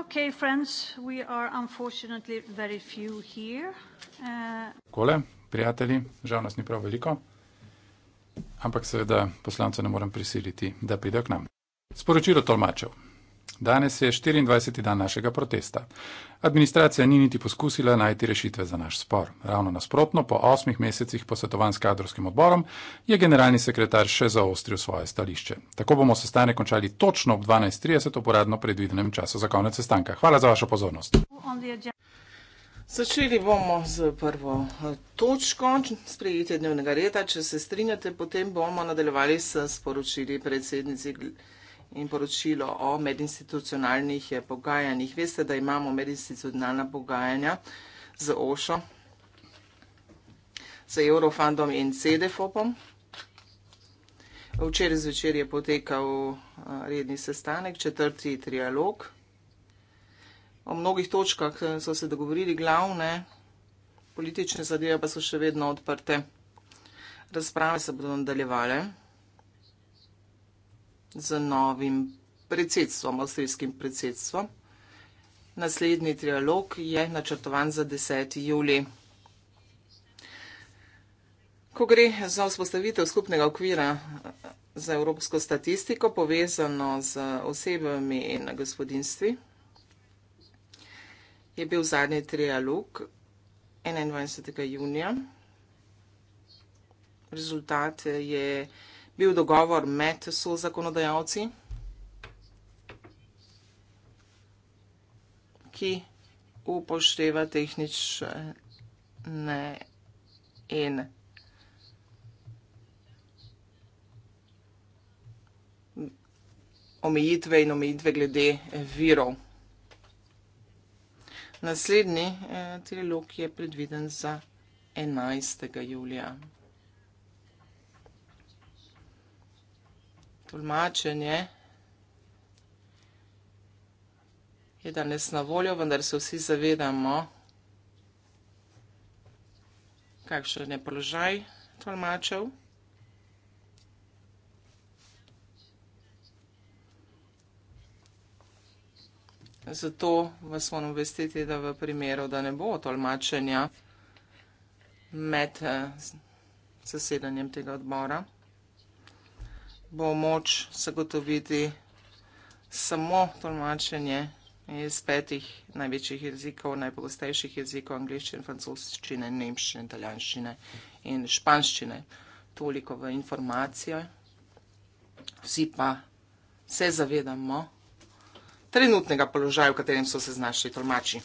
Okay, friends, we are unfortunately very few here. Uh, Kole, prijatelji, žal nas ni prav veliko, ampak seveda poslance ne morem prisiliti, da pridejo k nam. Sporočilo tolmačev. Danes je 24. dan našega protesta. Administracija ni niti poskusila najti rešitve za naš spor. Ravno nasprotno, po osmih mesecih posvetovan s kadrovskim odborom je generalni sekretar še zaostril svoje stališče. Tako bomo sestane končali točno ob 12.30 v poradno predvidenem času za konec sestanka. Hvala za vašo pozornost. Začeli bomo z prvo eh, točko sprejete dnevnega reda. Če se strinjate, potem bomo nadaljevali s sporočili predsednici in poročilo o medinstitucionalnih pogajanjih. Veste, da imamo medinstitucionalna pogajanja z OŠO, z Eurofundom in CDFOPom. Včeraj zvečer je potekal eh, redni sestanek, četrti trialog. O mnogih točkah eh, so se dogovorili glavne, politične zadeve pa so še vedno odprte. Razprave se bodo nadaljevale z novim predsedstvom, avstrijskim predsedstvom. Naslednji trialog je načrtovan za 10. juli. Ko gre za vzpostavitev skupnega okvira eh, za evropsko statistiko povezano z osebami in gospodinstvi, je bil zadnji trialog 21. junija. Rezultat je bil dogovor med so zakonodajalci, ki upošteva tehnične in omejitve in omejitve glede virov. Naslednji eh, trilog je predviden za 11. julija. tolmačenje je danes na voljo, vendar se vsi zavedamo, kakšen je položaj tolmačev. Zato vas moram obvestiti, da v primeru, da ne bo tolmačenja med eh, zasedanjem tega odbora bo moč zagotoviti samo tolmačenje iz petih največjih jezikov, najpogostejših jezikov, angliščine, francoščine, nemščine, italijanščine in španščine. Toliko v informacijo. Vsi pa se zavedamo trenutnega položaja, v katerem so se znašli tolmači.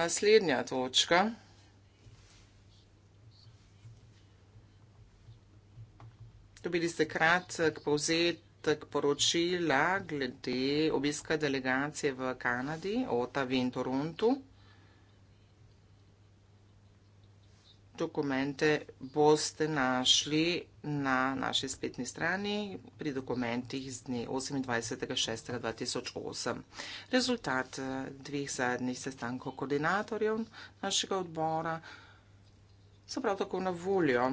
Naslednja točka. Dobili ste kratek povzetek poročila glede obiska delegacije v Kanadi, OTAV in Toronto. Dokumente boste našli na naši spetni strani pri dokumentih z dne 28.6.2008. Rezultat eh, dvih zadnjih sestankov koordinatorjev našega odbora so prav tako na voljo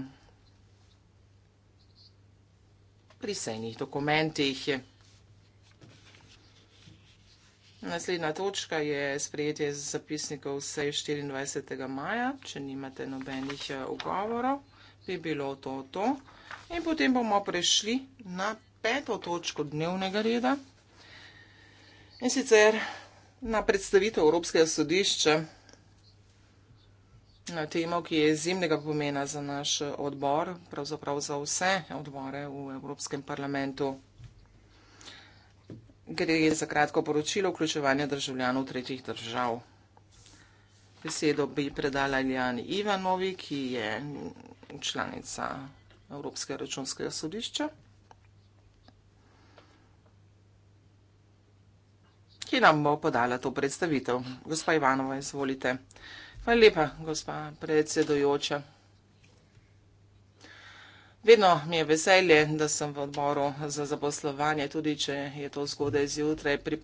pri sejnih dokumentih. Naslednja točka je sprejetje zapisnikov sej 24. maja. Če nimate nobenih eh, ugovorov, bi bilo to to. In potem bomo prešli na peto točko dnevnega reda. In sicer na predstavitev Evropskega sodišča temo, ki je izjemnega pomena za naš odbor, pravzaprav za vse odbore v Evropskem parlamentu. Gre za kratko poročilo vključevanja državljanov tretjih držav. Besedo bi predala Jan Ivanovi, ki je članica Evropskega računskega sodišča, ki nam bo podala to predstavitev. Gospa Ivanova, izvolite. Hvala lepa, gospa predsedojoča. Vedno mi je veselje, da sem v odboru za zaposlovanje, tudi če je to zgodaj zjutraj. Pri...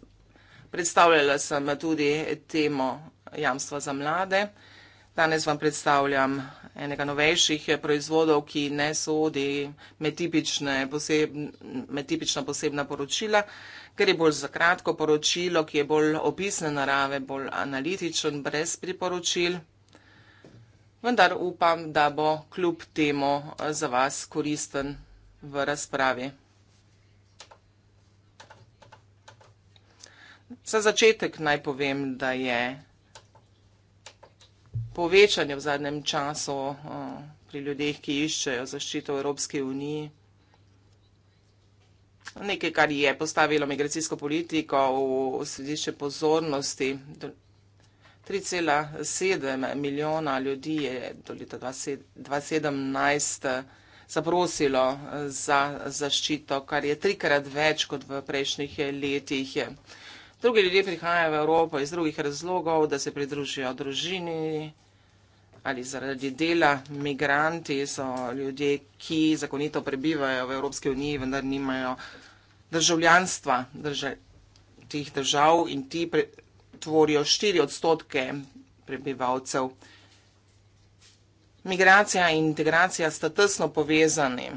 Predstavljala sem tudi temo jamstva za mlade. Danes vam predstavljam enega novejših proizvodov, ki ne sodi med, posebn... med tipična posebna poročila ker je bolj zakratko poročilo, ki je bolj opisne narave, bolj analitičen, brez priporočil. Vendar upam, da bo kljub temu eh, za vas koristen v razpravi. Za začetek naj povem, da je povečanje v zadnjem času eh, pri ljudeh, ki iščejo zaščito v Evropski uniji, nekaj, kar je postavilo migracijsko politiko v središče pozornosti. 3,7 milijona ljudi je do leta 2017 zaprosilo za zaščito, kar je trikrat več kot v prejšnjih letih. Drugi ljudje prihajajo v Evropo iz drugih razlogov, da se pridružijo družini, ali zaradi dela. Migranti so ljudje, ki zakonito prebivajo v Evropski uniji, vendar nimajo državljanstva drža, tih držav in ti pre, tvorijo 4 odstotke prebivalcev. Migracija in integracija sta tesno povezani.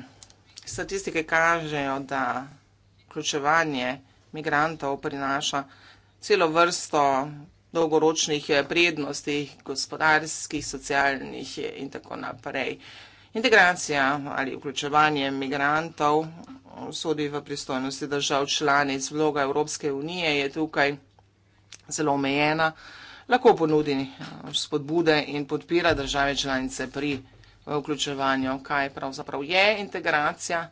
Statistike kažejo, da vključevanje migrantov prinaša celo vrsto dolgoročnih eh, prednosti, gospodarskih, socialnih eh, in tako naprej. Integracija ali vključevanje migrantov eh, sodi v pristojnosti držav članic. Vloga Evropske unije je tukaj zelo omejena. Lahko ponudi spodbude in podpira države članice pri vključevanju, kaj pravzaprav je integracija.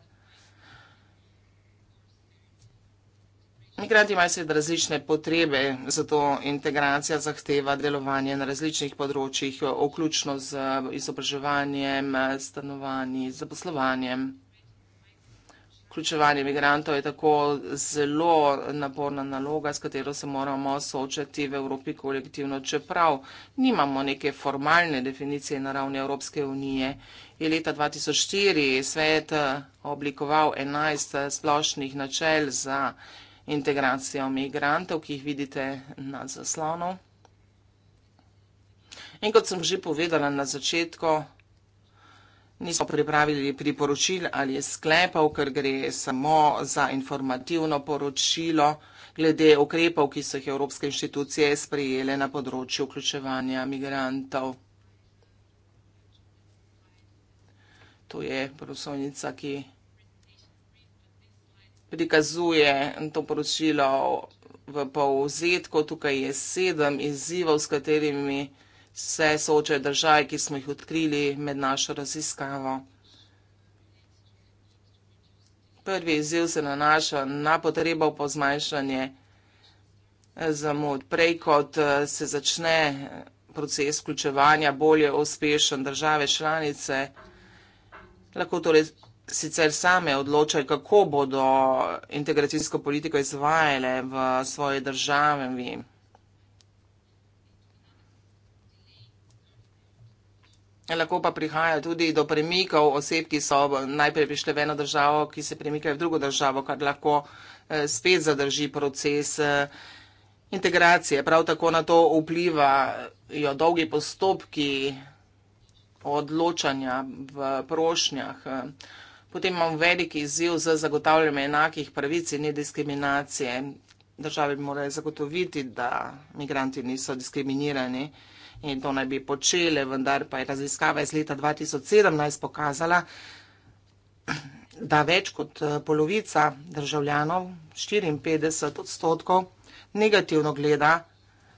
Migranti imajo seveda različne potrebe, zato integracija zahteva delovanje na različnih področjih, vključno z izobraževanjem, stanovanji, zaposlovanjem. Vključevanje migrantov je tako zelo naporna naloga, s katero se moramo soočati v Evropi kolektivno, čeprav nimamo neke formalne definicije na ravni Evropske unije. Je leta 2004 svet oblikoval 11 splošnih načel za migrantov, integracijo migrantov, ki jih vidite na zaslonu. In kot sem že povedala na začetku, nismo pripravili priporočil ali sklepov, ker gre samo za informativno poročilo glede ukrepov, ki so jih Evropske inštitucije sprejele na področju vključevanja migrantov. To je prosovnica, ki je prikazuje to poročilo v povzetku. Tukaj je sedem izzivov, s katerimi se soočajo države, ki smo jih odkrili med našo raziskavo. Prvi izziv se nanaša na potrebo po zmanjšanje zamud. Prej, kot se začne proces vključevanja bolje uspešen države članice, lahko torej sicer same odločajo, kako bodo integracijsko politiko izvajale v svoje države. Lahko pa prihaja tudi do premikov oseb, ki so najprej prišle v eno državo, ki se premikajo v drugo državo, kar lahko eh, spet zadrži proces eh, integracije. Prav tako na to vplivajo dolgi postopki odločanja v prošnjah. Potem imamo veliki izziv za zagotavljanje enakih pravic in nediskriminacije. Države bi morali zagotoviti, da migranti niso diskriminirani in to naj bi počele, vendar pa je raziskava iz leta 2017 pokazala, da več kot eh, polovica državljanov, 54 odstotkov, negativno gleda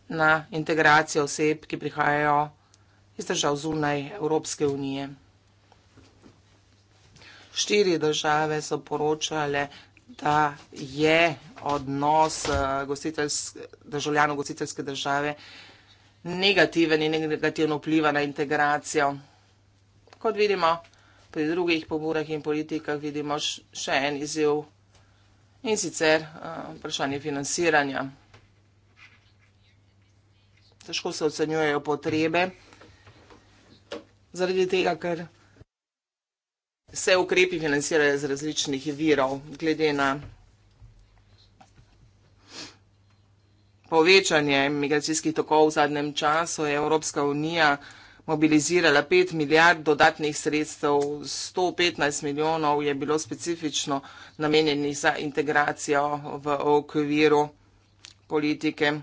na integracijo oseb, ki prihajajo iz držav zunaj Evropske unije. Štiri države so poročale, da je odnos eh, državljanov gostiteljske države negativen in negativno vpliva na integracijo. Kot vidimo pri drugih pobudah in politikah, vidimo še en izjiv in sicer eh, vprašanje financiranja. Težko se ocenjujejo potrebe, zaradi tega, ker se ukrepi financirajo iz različnih virov, glede na povečanje migracijskih tokov v zadnjem času je Evropska unija mobilizirala 5 milijard dodatnih sredstev, 115 milijonov je bilo specifično namenjenih za integracijo v okviru politike,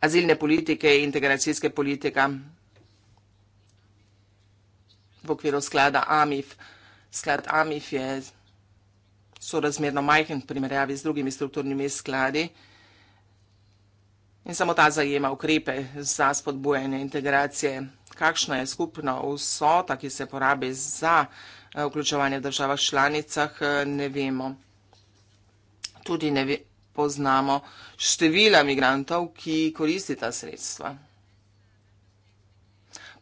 azilne politike in integracijske politike v okviru sklada AMIF. Sklad AMIF je sorazmerno majhen v primerjavi z drugimi strukturnimi skladi in samo ta zajema ukrepe za spodbujanje integracije. Kakšna je skupna vsota, ki se porabi za eh, vključevanje v državah članicah, eh, ne vemo. Tudi ne ve, poznamo števila migrantov, ki koristi ta sredstva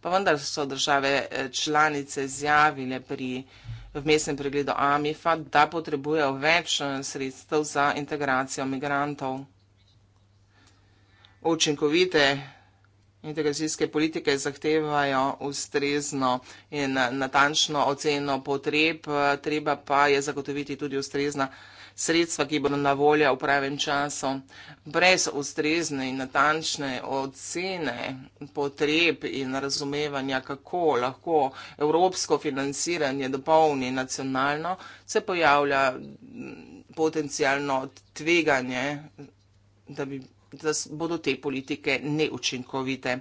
pa vendar so države eh, članice izjavile pri vmesnem pregledu AMIFA, da potrebujejo več eh, sredstev za integracijo migrantov. Učinkovite integracijske politike zahtevajo ustrezno in eh, natančno oceno potreb, treba pa je zagotoviti tudi ustrezna sredstva, ki bodo na voljo v pravem času, brez ustrezne in natančne ocene potreb in razumevanja, kako lahko evropsko financiranje dopolni nacionalno, se pojavlja potencijalno tveganje, da, bi, da bodo te politike neučinkovite.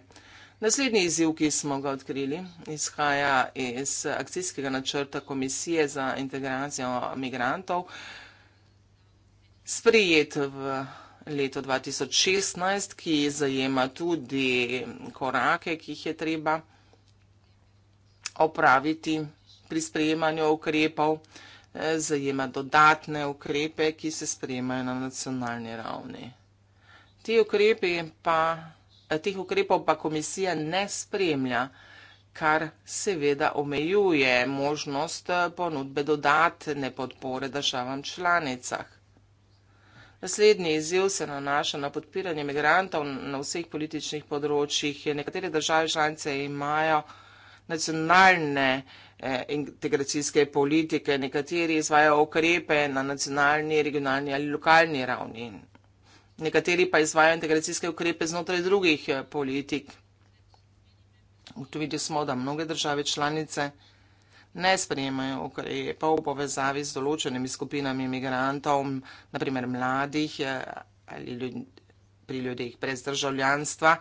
Naslednji izziv, ki smo ga odkrili, izhaja iz akcijskega načrta Komisije za integracijo migrantov, sprejet v letu 2016, ki zajema tudi korake, ki jih je treba opraviti pri sprejemanju ukrepov, eh, zajema dodatne ukrepe, ki se sprejemajo na nacionalni ravni. Ti ukrepi pa, eh, teh ukrepov pa komisija ne spremlja, kar seveda omejuje možnost eh, ponudbe dodatne podpore državam članicah. Naslednji izjev se nanaša na podpiranje migrantov na vseh političnih področjih. Nekatere države članice imajo nacionalne eh, integracijske politike, nekateri izvajajo okrepe na nacionalni, regionalni ali lokalni ravni. Nekateri pa izvajajo integracijske ukrepe znotraj drugih eh, politik. Ugotovili smo, da mnoge države članice ne sprejemajo ukrepov v povezavi z določenimi skupinami imigrantov, naprimer mladih eh, ali ljud, pri ljudeh brez državljanstva,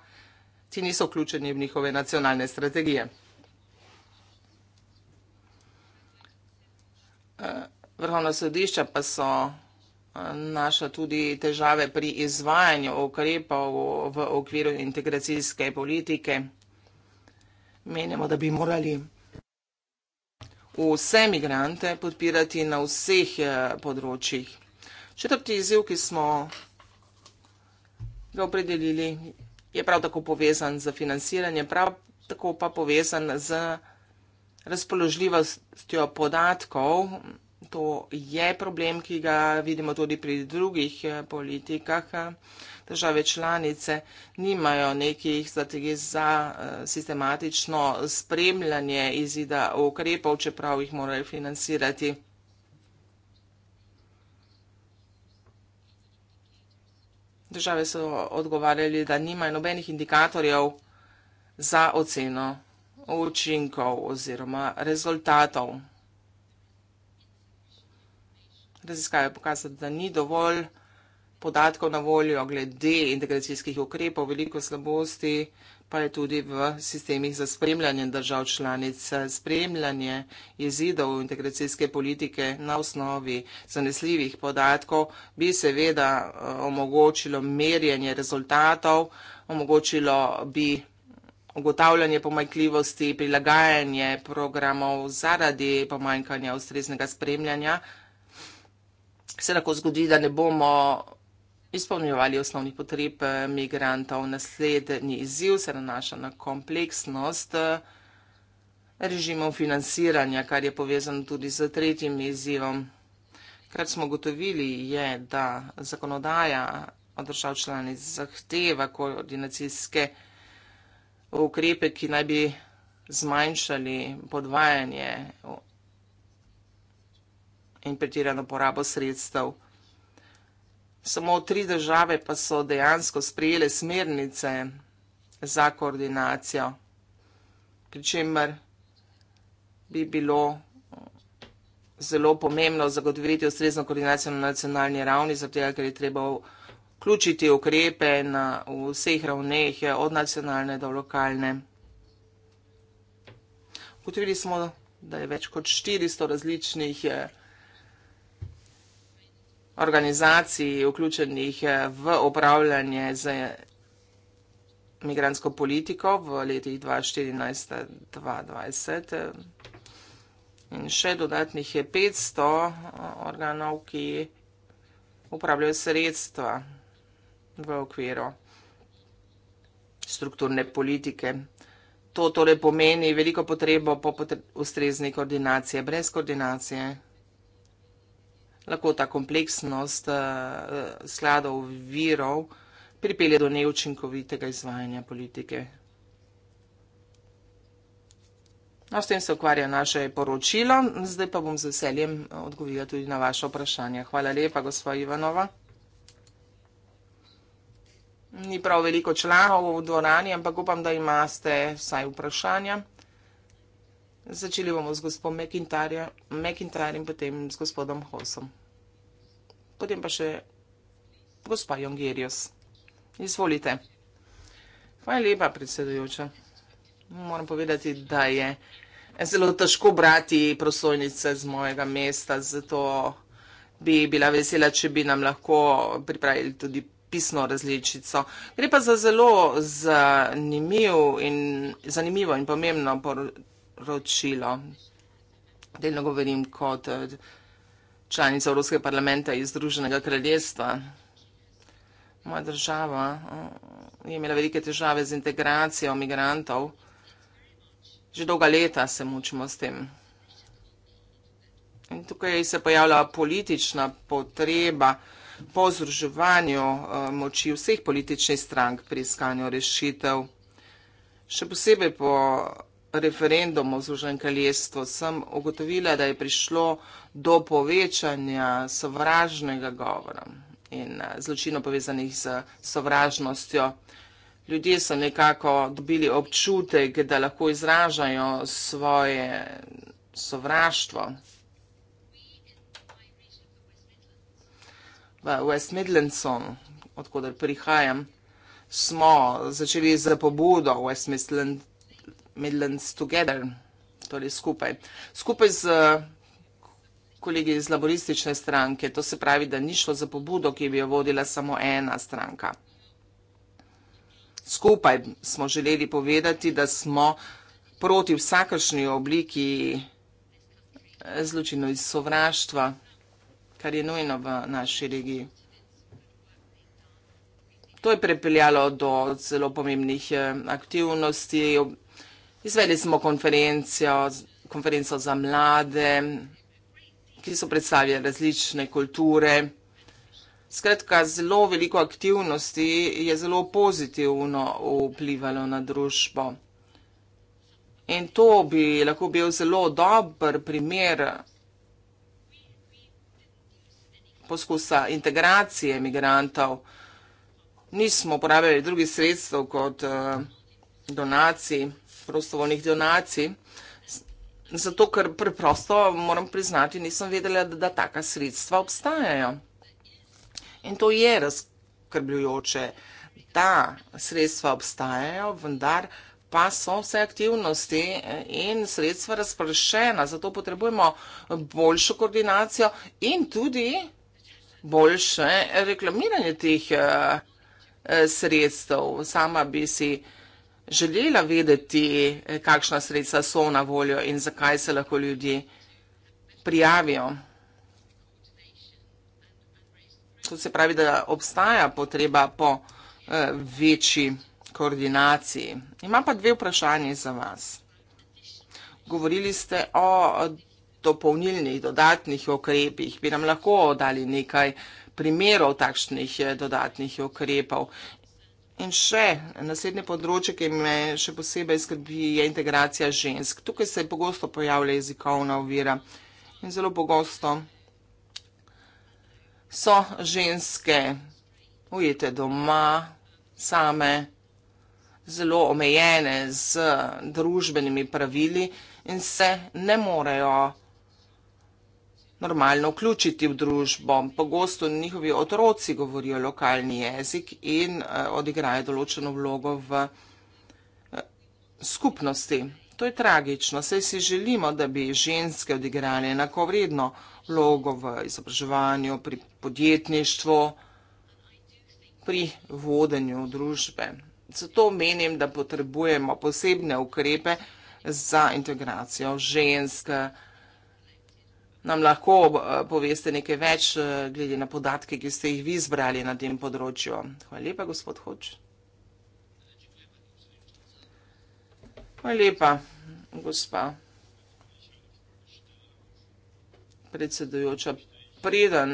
ti niso vključeni v njihove nacionalne strategije. Eh, vrhovna sodišča pa so eh, naša tudi težave pri izvajanju ukrepov v okviru integracijske politike. Menimo, da bi morali vse migrante podpirati na vseh eh, področjih. Četrti izziv, ki smo ga opredelili, je prav tako povezan z financiranjem, prav tako pa povezan z razpoložljivostjo podatkov to je problem, ki ga vidimo tudi pri drugih eh, politikah. Države članice nimajo nekih strategij za eh, sistematično spremljanje izida ukrepov, čeprav jih morajo financirati. Države so odgovarjali, da nimajo nobenih indikatorjev za oceno učinkov oziroma rezultatov raziskave pokazali, da ni dovolj podatkov na voljo glede integracijskih ukrepov, veliko slabosti pa je tudi v sistemih za spremljanje držav članic, spremljanje izidov integracijske politike na osnovi zanesljivih podatkov, bi seveda eh, omogočilo merjenje rezultatov, omogočilo bi ugotavljanje pomajkljivosti, prilagajanje programov zaradi pomanjkanja ustreznega spremljanja, se lahko zgodi, da ne bomo izpolnjevali osnovnih potreb eh, migrantov. Naslednji izziv se nanaša na kompleksnost eh, režimov financiranja, kar je povezano tudi z tretjim izzivom. Krat smo gotovili je, da zakonodaja od držav članic zahteva koordinacijske ukrepe, ki naj bi zmanjšali podvajanje in pretirano porabo sredstev. Samo tri države pa so dejansko sprejele smernice za koordinacijo, pri čemer bi bilo eh, zelo pomembno zagotoviti ustrezno koordinacijo na nacionalni ravni, zato ker je treba vključiti ukrepe na vseh ravneh, eh, od nacionalne do lokalne. Ugotovili smo, da je več kot 400 različnih. Eh, organizacij, vključenih eh, v upravljanje z migransko politiko v letih 2014-2020 eh, in še dodatnih 500 eh, organov, ki upravljajo sredstva v okviru strukturne politike. To torej pomeni veliko potrebo po potre ustrezni koordinacije, brez koordinacije lahko ta kompleksnost uh, skladov virov pripelje do neučinkovitega izvajanja politike. No, s tem se ukvarja naše poročilo, zdaj pa bom z veseljem eh, odgovorila tudi na vaše vprašanje. Hvala lepa, gospod Ivanova. Ni prav veliko članov v dvorani, ampak upam, da imate vsaj vprašanja. Začeli bomo z gospod McIntyrem, potem z gospodom Hosom. Potem pa še gospa Jongerius. Izvolite. Hvala lepa, predsedujoča. Moram povedati, da je zelo težko brati prosojnice z mojega mesta, zato bi bila vesela, če bi nam lahko pripravili tudi pisno različico. Gre pa za zelo zanimiv in, zanimivo in pomembno poročilo poročilo. Delno govorim kot eh, članica Evropskega parlamenta iz Združenega kraljestva. Moja država eh, je imela velike težave z integracijo migrantov. Že dolga leta se mučimo s tem. In tukaj se pojavlja politična potreba po združevanju eh, moči vseh političnih strank pri iskanju rešitev. Še posebej po referendumu o zuženkaljestvu sem ugotovila, da je prišlo do povečanja sovražnega govora in eh, zločino povezanih z sovražnostjo. Ljudje so nekako dobili občutek, da lahko izražajo svoje sovraštvo. V West Midlandsu, odkudar prihajam, smo začeli z pobudo West Midlands Midlands Together, torej skupaj. Skupaj z eh, kolegi iz laboristične stranke, to se pravi, da ni šlo za pobudo, ki bi jo vodila samo ena stranka. Skupaj smo želeli povedati, da smo proti vsakršni obliki eh, zločino iz sovraštva, kar je nujno v naši regiji. To je prepeljalo do zelo pomembnih eh, aktivnosti, obliki, Izvedli smo konferenco za mlade, ki so predstavljali različne kulture. Skratka, zelo veliko aktivnosti je zelo pozitivno vplivalo na družbo. In to bi lahko bil zelo dober primer poskusa integracije imigrantov. Nismo uporabljali drugih sredstev kot eh, donaciji prostovoljnih donacij. Zato, ker preprosto moram priznati, nisem vedela, da, da taka sredstva obstajajo. In to je razkrbljujoče. Ta sredstva obstajajo, vendar pa so vse aktivnosti eh, in sredstva razpršena. Zato potrebujemo boljšo koordinacijo in tudi boljše reklamiranje teh eh, eh, sredstev. Sama bi si uh, želela vedeti, eh, kakšna sredstva so na voljo in zakaj se lahko ljudje prijavijo. To se pravi, da obstaja potreba po eh, večji koordinaciji. Imam pa dve vprašanje za vas. Govorili ste o dopolnilnih, dodatnih okrepih. Bi nam lahko dali nekaj primerov takšnih eh, dodatnih okrepov In še naslednje področje, ki me še posebej skrbi, je integracija žensk. Tukaj se pogosto pojavlja jezikovna ovira in zelo pogosto so ženske ujete doma, same, zelo omejene z družbenimi pravili in se ne morejo normalno vključiti v družbo. Pogosto njihovi otroci govorijo lokalni jezik in eh, odigrajo določeno vlogo v eh, skupnosti. To je tragično. Vse si želimo, da bi ženske odigrali enakovredno vlogo v izobraževanju, pri podjetništvu, pri vodenju družbe. Zato menim, da potrebujemo posebne ukrepe za integracijo ženske vlogo nam lahko eh, poveste nekaj več eh, glede na podatke, ki ste jih vi zbrali na tem področju. Hvala lepa, gospod Hoč. Hvala lepa, gospa. Predsedujoča, preden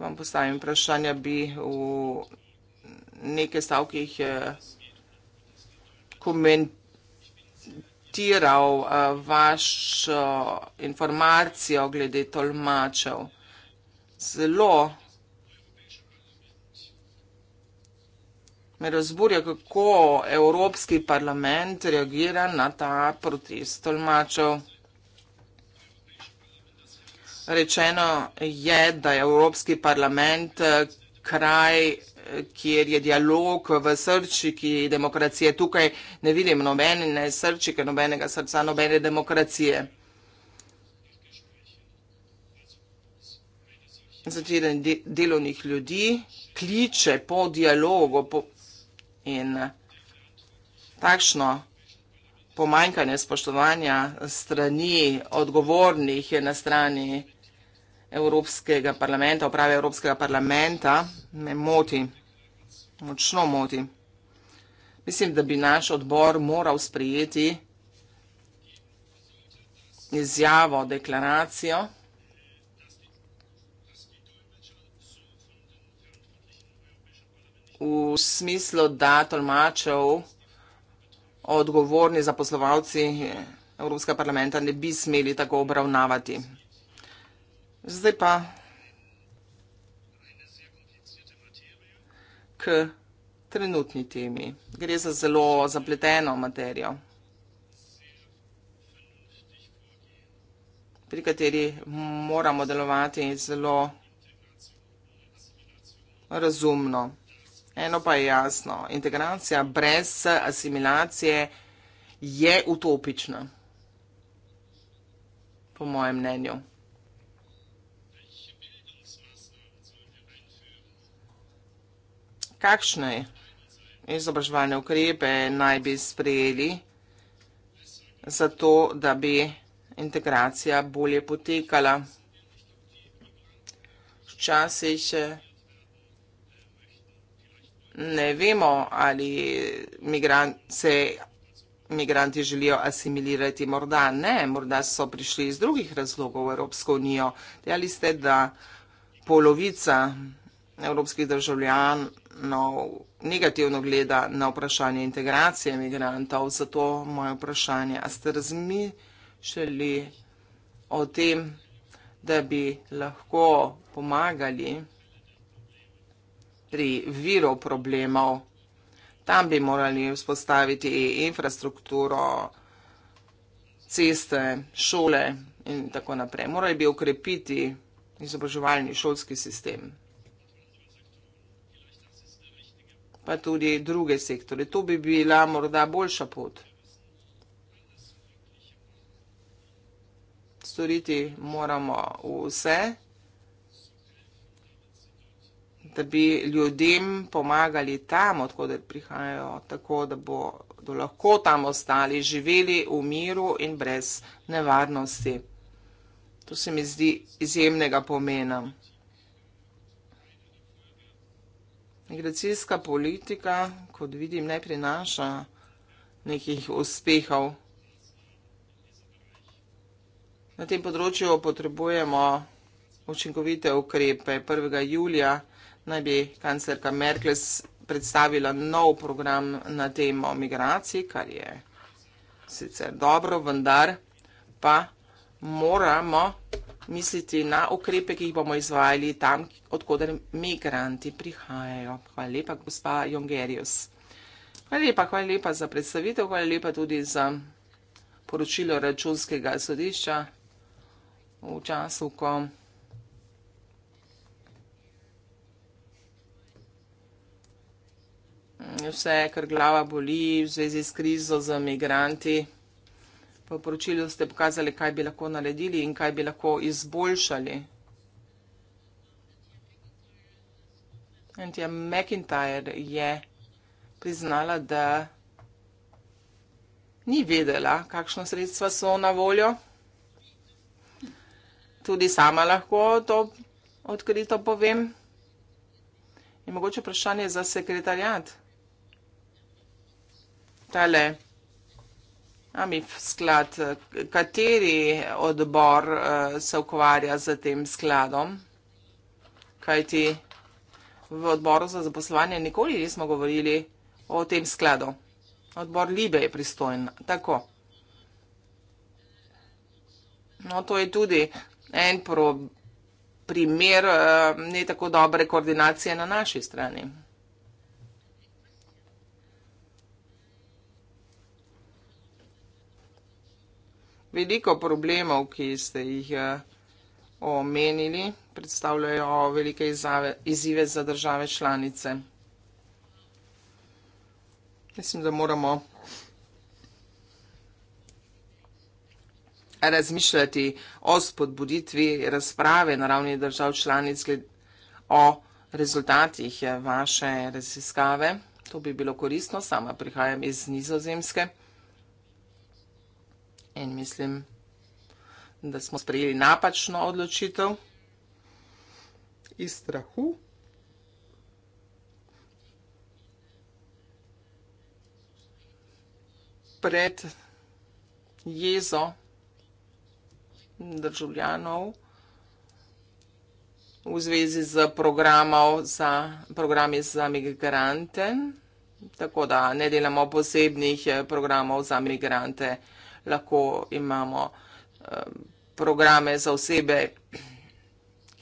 vam postavim vprašanja, bi v nekaj stavkih eh, komentiral komentiral uh, eh, vašo informacijo glede tolmačev. Zelo me razburja, kako Evropski parlament reagira na ta protest tolmačev. Rečeno je, da je Evropski parlament eh, kraj kjer je dialog v srči, ki je demokracija. Tukaj ne vidim nobene srči, ker nobenega srca, nobene demokracije. Zatiren delovnih ljudi kliče po dialogu in takšno pomanjkanje spoštovanja strani odgovornih je na strani vsega. Evropskega parlamenta, uprave Evropskega parlamenta, me moti, močno moti. Mislim, da bi naš odbor moral sprejeti izjavo, deklaracijo, v smislu, da tolmačev odgovorni zaposlovalci Evropskega parlamenta ne bi smeli tako obravnavati zdaj pa k trenutni temi. Gre za zelo zapleteno materijo, pri kateri moramo delovati zelo razumno. Eno pa je jasno, integracija brez asimilacije je utopična, po mojem mnenju. kakšne izobraževalne ukrepe naj bi sprejeli za to, da bi integracija bolje potekala. Včasih eh, ne vemo, ali se migranti želijo asimilirati. Morda ne, morda so prišli iz drugih razlogov v Evropsko unijo. Dejali ste, da polovica migranti evropskih državljanov negativno gleda na vprašanje integracije imigrantov. Zato moje vprašanje, a ste razmišljali o tem, da bi lahko pomagali pri viru problemov. Tam bi morali vzpostaviti infrastrukturo, ceste, šole in tako naprej. Morali bi ukrepiti izobraževalni šolski sistem. pa tudi druge sektore. To bi bila morda boljša pot. Storiti moramo vse, da bi ljudem pomagali tam, odkuder prihajajo, tako da bodo lahko tam ostali, živeli v miru in brez nevarnosti. To se mi zdi izjemnega pomena. migracijska politika, kot vidim, ne prinaša nekih uspehov. Na tem področju potrebujemo učinkovite ukrepe. 1. julija naj bi kanclerka Merkel predstavila nov program na temo migracij, kar je sicer dobro, vendar pa moramo misliti na ukrepe, ki jih bomo izvajali tam, odkuder migranti prihajajo. Hvala lepa, gospa Jongerius. Hvala lepa, hvala lepa za predstavitev, hvala lepa tudi za poročilo računskega sodišča v času, ko. Vse, kar glava boli v zvezi s krizo za migranti. V poročilu ste pokazali, kaj bi lahko naredili in kaj bi lahko izboljšali. Antje McIntyre je priznala, da ni vedela, kakšno sredstva so na voljo. Tudi sama lahko to odkrito povem. In mogoče vprašanje za sekretarjat. Tale. AMIF sklad, kateri odbor eh, se ukvarja z tem skladom? Kajti v odboru za zaposlovanje nikoli nismo govorili o tem skladu. Odbor Libe je pristojen. Tako. No, to je tudi en pro primer eh, ne tako dobre koordinacije na naši strani. veliko problemov, ki ste jih eh, omenili, predstavljajo velike izzive za države članice. Mislim, da moramo razmišljati o spodbuditvi razprave na ravni držav članic o rezultatih eh, vaše raziskave. To bi bilo koristno, sama prihajam iz nizozemske in mislim, da smo sprejeli napačno odločitev iz strahu. pred jezo državljanov v zvezi z programi za migrante, tako da ne delamo posebnih eh, programov za migrante državljanov lahko imamo eh, programe za osebe,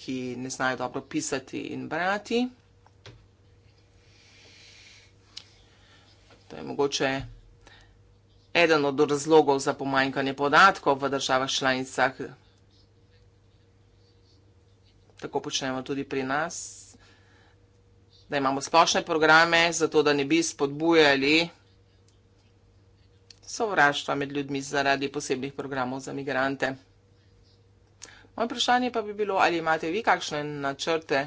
ki ne znajo dobro pisati in brati. To je mogoče eden od razlogov za pomanjkanje podatkov v državah članicah. Tako počnemo tudi pri nas, da imamo splošne programe, zato da ne bi spodbujali sovraštva med ljudmi zaradi posebnih programov za migrante. Moje vprašanje pa bi bilo, ali imate vi kakšne načrte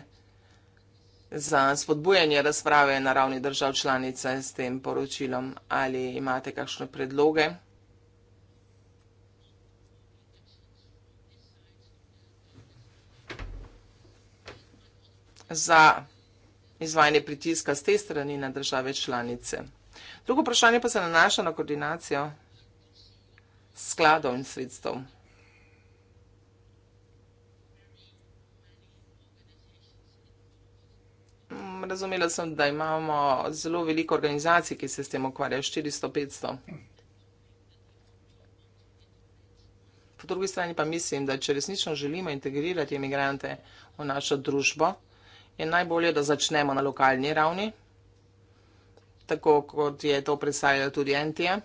za spodbujanje razprave na ravni držav članice s tem poročilom, ali imate kakšne predloge? za izvajanje pritiska z te strani na države članice. Drugo vprašanje pa se nanaša na koordinacijo skladov in sredstev. Mm, razumela sem, da imamo zelo veliko organizacij, ki se s tem ukvarjajo, 400-500. Po drugi strani pa mislim, da če resnično želimo integrirati imigrante v našo družbo, je najbolje, da začnemo na lokalni ravni tako kot je to predstavljala tudi Entija.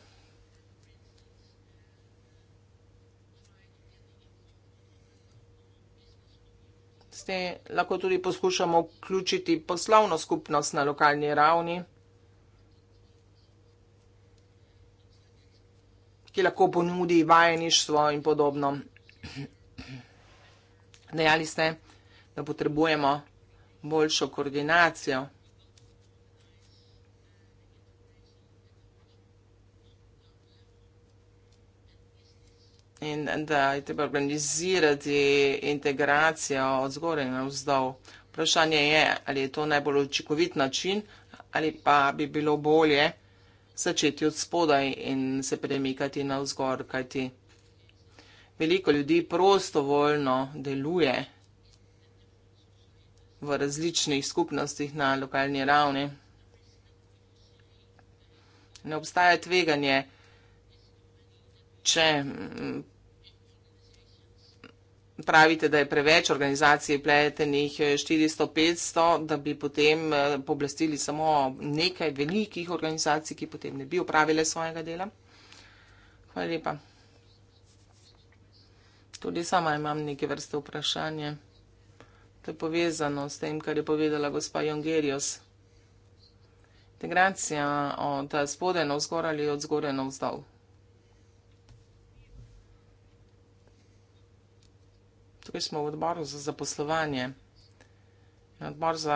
S tem lahko tudi poskušamo vključiti poslovno skupnost na lokalni ravni, ki lahko ponudi vajeništvo in podobno. Dejali ste, da potrebujemo boljšo koordinacijo. in da je treba organizirati integracijo od zgoraj na vzdolj. Vprašanje je, ali je to najbolj učinkovit način, ali pa bi bilo bolje začeti od spodaj in se premikati na vzgor, kajti veliko ljudi prostovoljno deluje v različnih skupnostih na lokalni ravni. Ne obstaja tveganje, če pravite, da je preveč organizacij, pletenih 400-500, eh, da bi potem eh, poblastili samo nekaj velikih organizacij, ki potem ne bi upravile svojega dela. Hvala lepa. Tudi sama imam neke vrste vprašanje. To je povezano s tem, kar je povedala gospa Jongerios. Integracija od spodaj na vzgor ali od zgoraj na vzdolj. Tukaj smo v odboru za zaposlovanje. Odbor za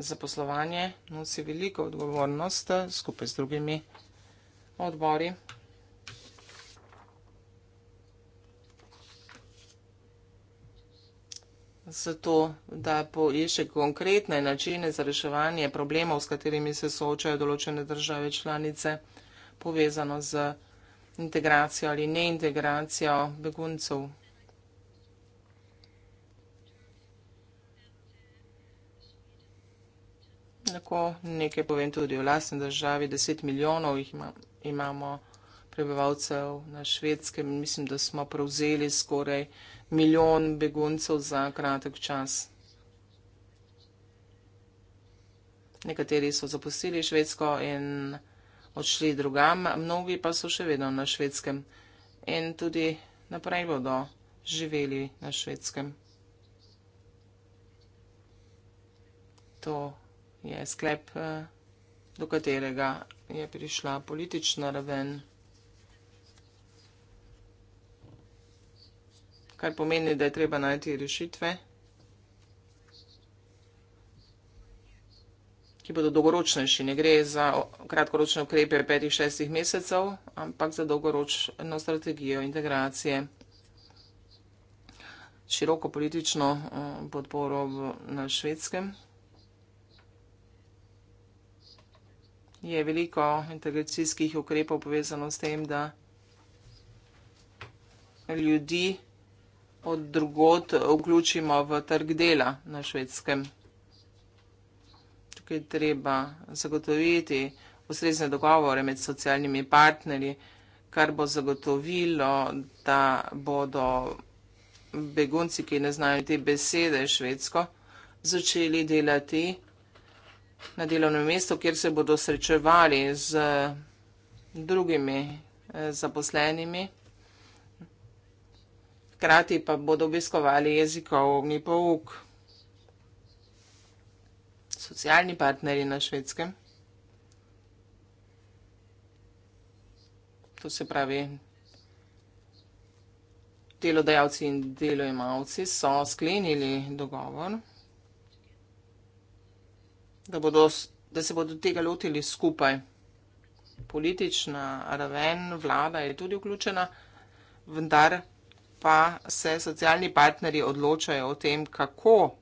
zaposlovanje nosi veliko odgovornost skupaj z drugimi odbori. Zato, da poišče konkretne načine za reševanje problemov, s katerimi se soočajo določene države članice, povezano z integracijo ali neintegracijo beguncev Lahko nekaj povem tudi v lastni državi, 10 milijonov jih ima, imamo prebivalcev na švedskem. Mislim, da smo prevzeli skoraj milijon beguncev za kratek čas. Nekateri so zapustili švedsko in odšli drugam, mnogi pa so še vedno na švedskem in tudi naprej bodo živeli na švedskem. To je sklep, eh, do katerega je prišla politična raven, kar pomeni, da je treba najti rešitve, ki bodo dolgoročnejši. Ne gre za kratkoročne ukrepe petih, šestih mesecev, ampak za dolgoročno strategijo integracije. Široko politično eh, podporo na švedskem. je veliko integracijskih ukrepov povezano s tem, da ljudi od drugot vključimo v trg dela na švedskem. Tukaj treba zagotoviti ustrezne dogovore med socialnimi partnerji, kar bo zagotovilo, da bodo begunci, ki ne znajo te besede švedsko, začeli delati na delovnem mestu, kjer se bodo srečevali z drugimi eh, zaposlenimi. Hkrati pa bodo obiskovali jezikovni pouk. Socialni partneri na švedskem. To se pravi, delodajalci in delojemalci so sklenili dogovor da, bodo, da se bodo tega lotili skupaj. Politična raven, vlada je tudi vključena, vendar pa se socialni partneri odločajo o tem, kako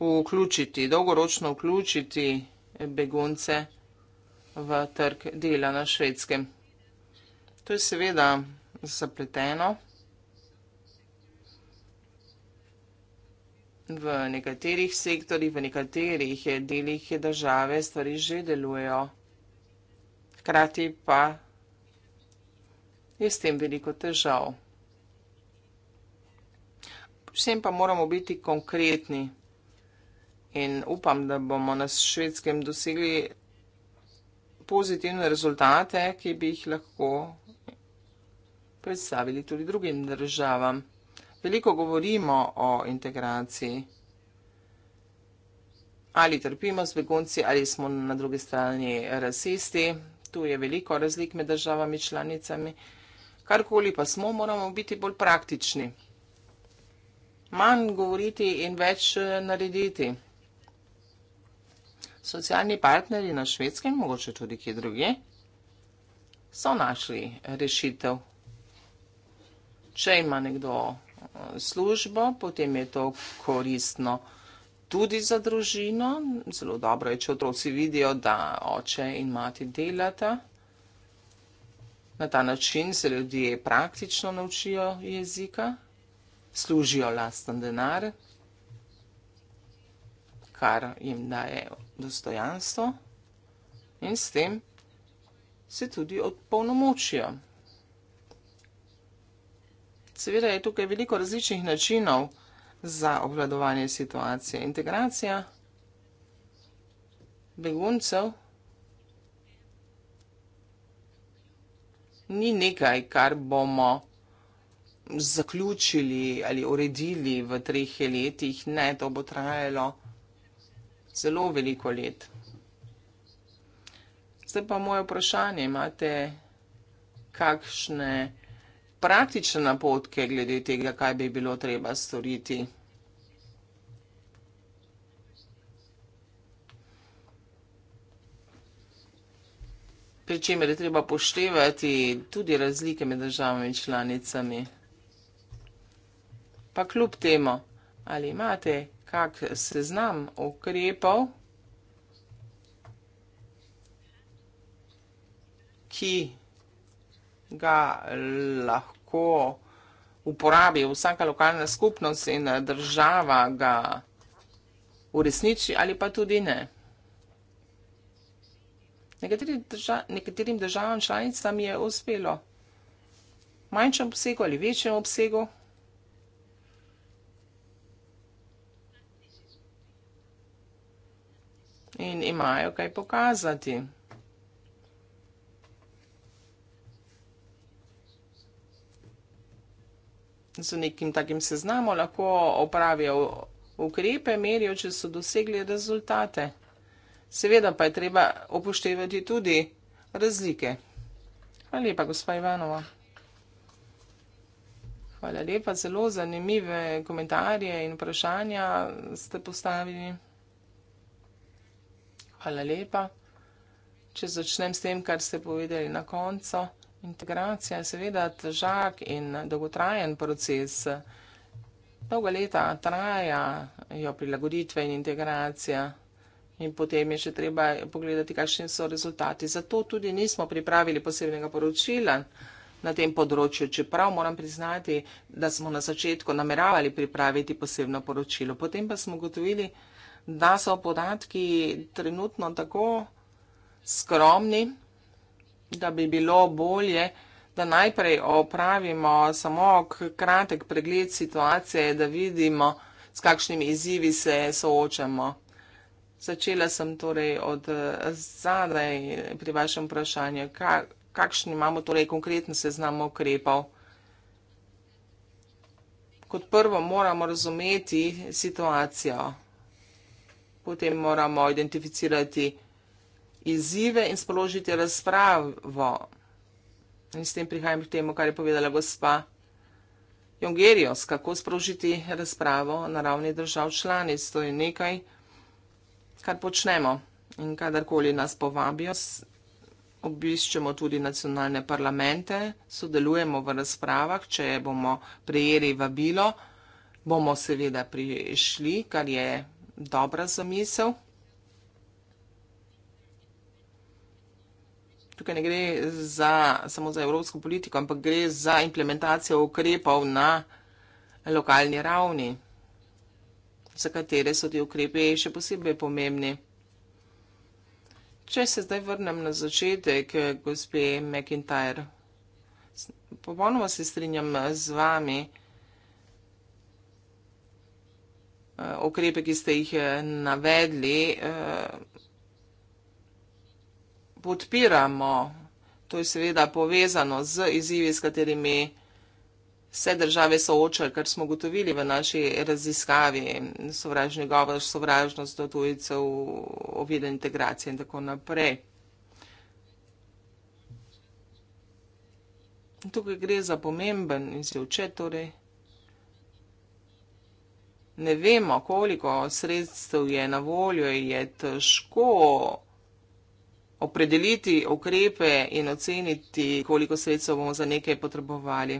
vključiti, dolgoročno vključiti begunce v trg dela na švedskem. To je seveda zapleteno. v nekaterih sektorjih, v nekaterih delih države stvari že delujejo. Hkrati pa je s tem veliko težav. Vsem pa moramo biti konkretni in upam, da bomo na švedskem dosegli pozitivne rezultate, ki bi jih lahko predstavili tudi drugim državam. Veliko govorimo o integraciji. Ali trpimo z begunci, ali smo na drugi strani rasisti. Tu je veliko razlik med državami članicami. Karkoli pa smo, moramo biti bolj praktični. Manj govoriti in več eh, narediti. Socialni partnerji na švedskem, mogoče tudi kje druge, so našli rešitev. Če ima nekdo službo, potem je to koristno tudi za družino. Zelo dobro je, če otroci vidijo, da oče in mati delata. Na ta način se ljudje praktično naučijo jezika, služijo lasten denar, kar jim daje dostojanstvo in s tem se tudi odpolnomočijo. Seveda je tukaj veliko različnih načinov za obvladovanje situacije. Integracija beguncev ni nekaj, kar bomo zaključili ali uredili v treh letih. Ne, to bo trajalo zelo veliko let. Zdaj pa moje vprašanje, imate kakšne praktične napotke glede tega, kaj bi bilo treba storiti? Pričemer je treba poštevati tudi razlike med državami in članicami. Pa kljub temu, ali imate kak seznam ukrepov, ki ga lahko lahko uporabi vsaka lokalna skupnost in država ga uresniči ali pa tudi ne. Nekaterim, drža nekaterim državam članicam je uspelo v manjšem obsegu ali večjem obsegu. In imajo kaj pokazati. z nekim takim seznamom lahko opravijo ukrepe, merijo, če so dosegli rezultate. Seveda pa je treba upoštevati tudi razlike. Hvala lepa, gospa Ivanova. Hvala lepa, zelo zanimive komentarje in vprašanja ste postavili. Hvala lepa. Če začnem s tem, kar ste povedali na koncu. Integracija je seveda težak in dolgotrajen proces. Dolga leta trajajo prilagoditve in integracija in potem je še treba pogledati, kakšni so rezultati. Zato tudi nismo pripravili posebnega poročila na tem področju, čeprav moram priznati, da smo na začetku nameravali pripraviti posebno poročilo. Potem pa smo gotovili, da so podatki trenutno tako skromni, da bi bilo bolje, da najprej opravimo samo kratek pregled situacije, da vidimo, s kakšnimi izzivi se soočamo. Začela sem torej od zadaj pri vašem vprašanju, kakšni imamo torej konkretno seznam ukrepov. Kot prvo moramo razumeti situacijo, potem moramo identificirati situacijo, izzive in spoložiti razpravo. In s tem prihajam k temu, kar je povedala gospa Jongerijos, kako sprožiti razpravo na ravni držav članic. To je nekaj, kar počnemo in kadarkoli nas povabijo, obiščemo tudi nacionalne parlamente, sodelujemo v razpravah, če bomo prejeli vabilo, bomo seveda prišli, kar je dobra zamisel. tukaj ne gre za, samo za evropsko politiko, ampak gre za implementacijo ukrepov na lokalni ravni, za katere so ti ukrepi še posebej pomembni. Če se zdaj vrnem na začetek, gospe McIntyre, popolnoma se strinjam z vami. Eh, ukrepe, ki ste jih eh, navedli, eh, podpiramo, to je seveda povezano z izzivi, s katerimi se države soočajo, kar smo gotovili v naši raziskavi, sovražni govor, sovražnost do tujcev, ovide integracije in tako naprej. Tukaj gre za pomemben izjiv, če torej. Ne vemo, koliko sredstev je na voljo, je težko opredeliti ukrepe in oceniti, koliko sredstev bomo za nekaj potrebovali.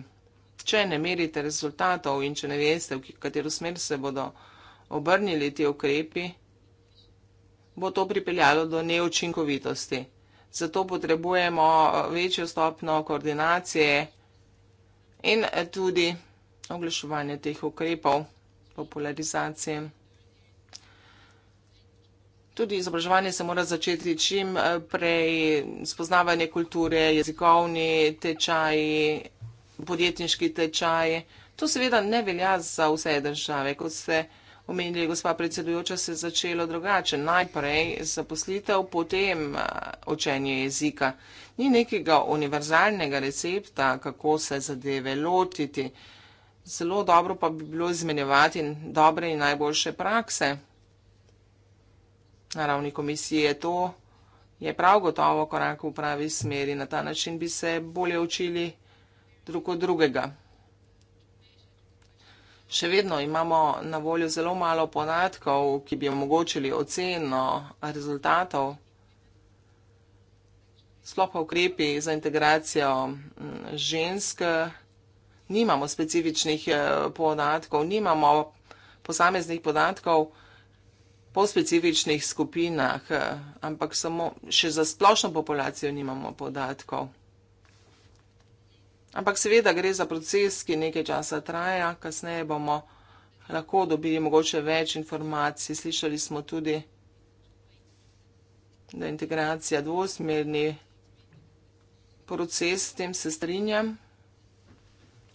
Če ne merite rezultatov in če ne veste, v katero smer se bodo obrnili ti ukrepi, bo to pripeljalo do neučinkovitosti. Zato potrebujemo eh, večjo stopno koordinacije in eh, tudi oglaševanje teh ukrepov popularizacije tudi izobraževanje se mora začeti čim eh, prej, spoznavanje kulture, jezikovni tečaj, podjetniški tečaj. To seveda ne velja za vse države. Kot ste omenili, gospa predsedujoča, se je začelo drugače. Najprej zaposlitev, potem eh, učenje jezika. Ni nekega univerzalnega recepta, kako se zadeve lotiti. Zelo dobro pa bi bilo izmenjevati dobre in najboljše prakse na ravni komisije, to je prav gotovo korak v pravi smeri. Na ta način bi se bolje učili drug od drugega. Še vedno imamo na voljo zelo malo podatkov, ki bi omogočili oceno rezultatov. Sploh pa ukrepi za integracijo mm, žensk. Nimamo specifičnih eh, podatkov, nimamo posameznih podatkov po specifičnih skupinah, eh, ampak samo še za splošno populacijo nimamo podatkov. Ampak seveda gre za proces, ki nekaj časa traja, kasneje bomo lahko dobili mogoče več informacij. Slišali smo tudi, da je integracija dvosmerni proces, s tem se strinjam.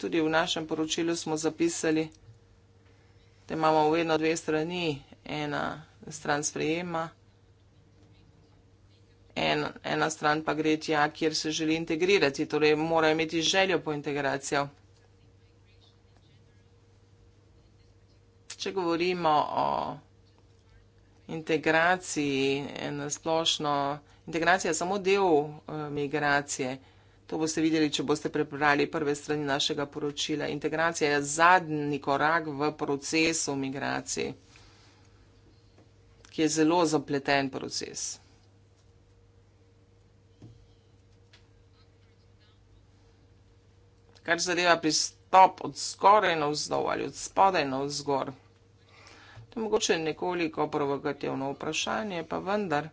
Tudi v našem poročilu smo zapisali, da imamo vedno dve strani, ena stran sprejema, en, ena stran pa gre tja, kjer se želi integrirati, torej mora imeti željo po integracijo. Če govorimo o integraciji, ena splošno, integracija je samo del eh, migracije. To boste videli, če boste prebrali prve strani našega poročila. Integracija je zadnji korak v procesu migracije ki je zelo zapleten proces. Kar zadeva pristop od skoraj na vzdol ali od spodaj na vzgor. To je mogoče nekoliko provokativno vprašanje, pa vendar.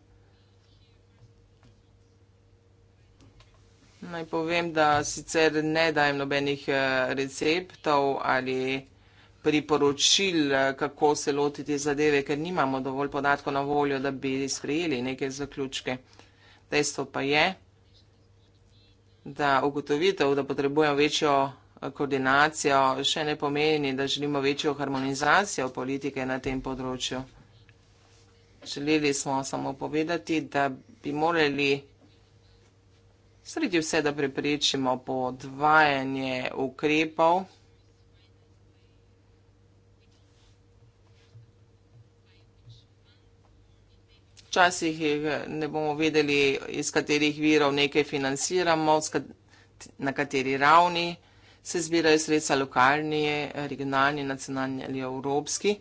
Naj povem, da sicer ne dajem nobenih eh, receptov ali priporočil, kako se lotiti zadeve, ker nimamo dovolj podatkov na voljo, da bi sprejeli neke zaključke. Dejstvo pa je, da ugotovitev, da potrebujemo večjo eh, koordinacijo, še ne pomeni, da želimo večjo harmonizacijo politike na tem področju. Želeli smo samo povedati, da bi morali srediti vse, da preprečimo podvajanje ukrepov. včasih eh, ne bomo vedeli, iz katerih virov nekaj financiramo, na kateri ravni se zbirajo sredstva lokalni, eh, regionalni, nacionalni ali evropski.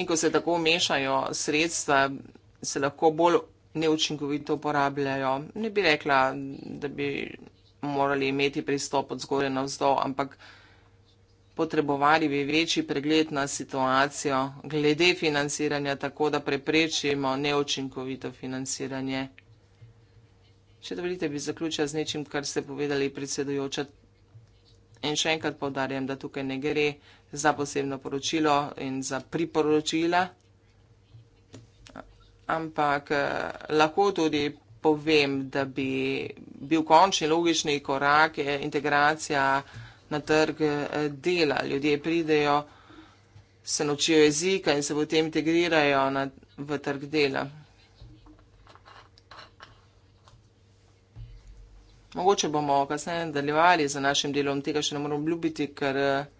In ko se tako mešajo sredstva, se lahko bolj neučinkovito uporabljajo. Ne bi rekla, da bi morali imeti pristop od zgore na vzdolj, ampak potrebovali bi večji pregled na situacijo glede financiranja, tako da preprečimo neočinkovito financiranje. Če dovolite, bi zaključila z nečim, kar ste povedali predsedujoča. In še enkrat povdarjam, da tukaj ne gre za posebno poročilo in za priporočila, ampak eh, lahko tudi povem, da bi bil končni logični korak eh, integracija na trg eh, dela. Ljudje pridejo, se naučijo jezika in se potem integrirajo na, v trg dela. Mogoče bomo kasneje nadaljevali z našim delom, tega še ne moram obljubiti, ker eh,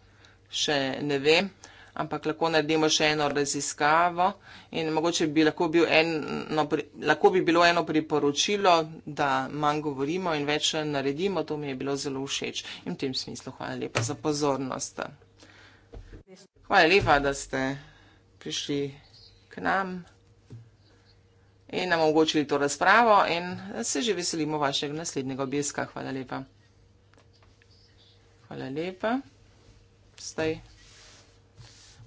še ne vem ampak lahko naredimo še eno raziskavo in mogoče bi lahko, bil eno, lahko bi bilo eno priporočilo, da manj govorimo in več naredimo. To mi je bilo zelo všeč in v tem smislu hvala lepa za pozornost. Hvala lepa, da ste prišli k nam in nam omogočili to razpravo in se že veselimo vašega naslednjega obiska. Hvala lepa. Hvala lepa. Stay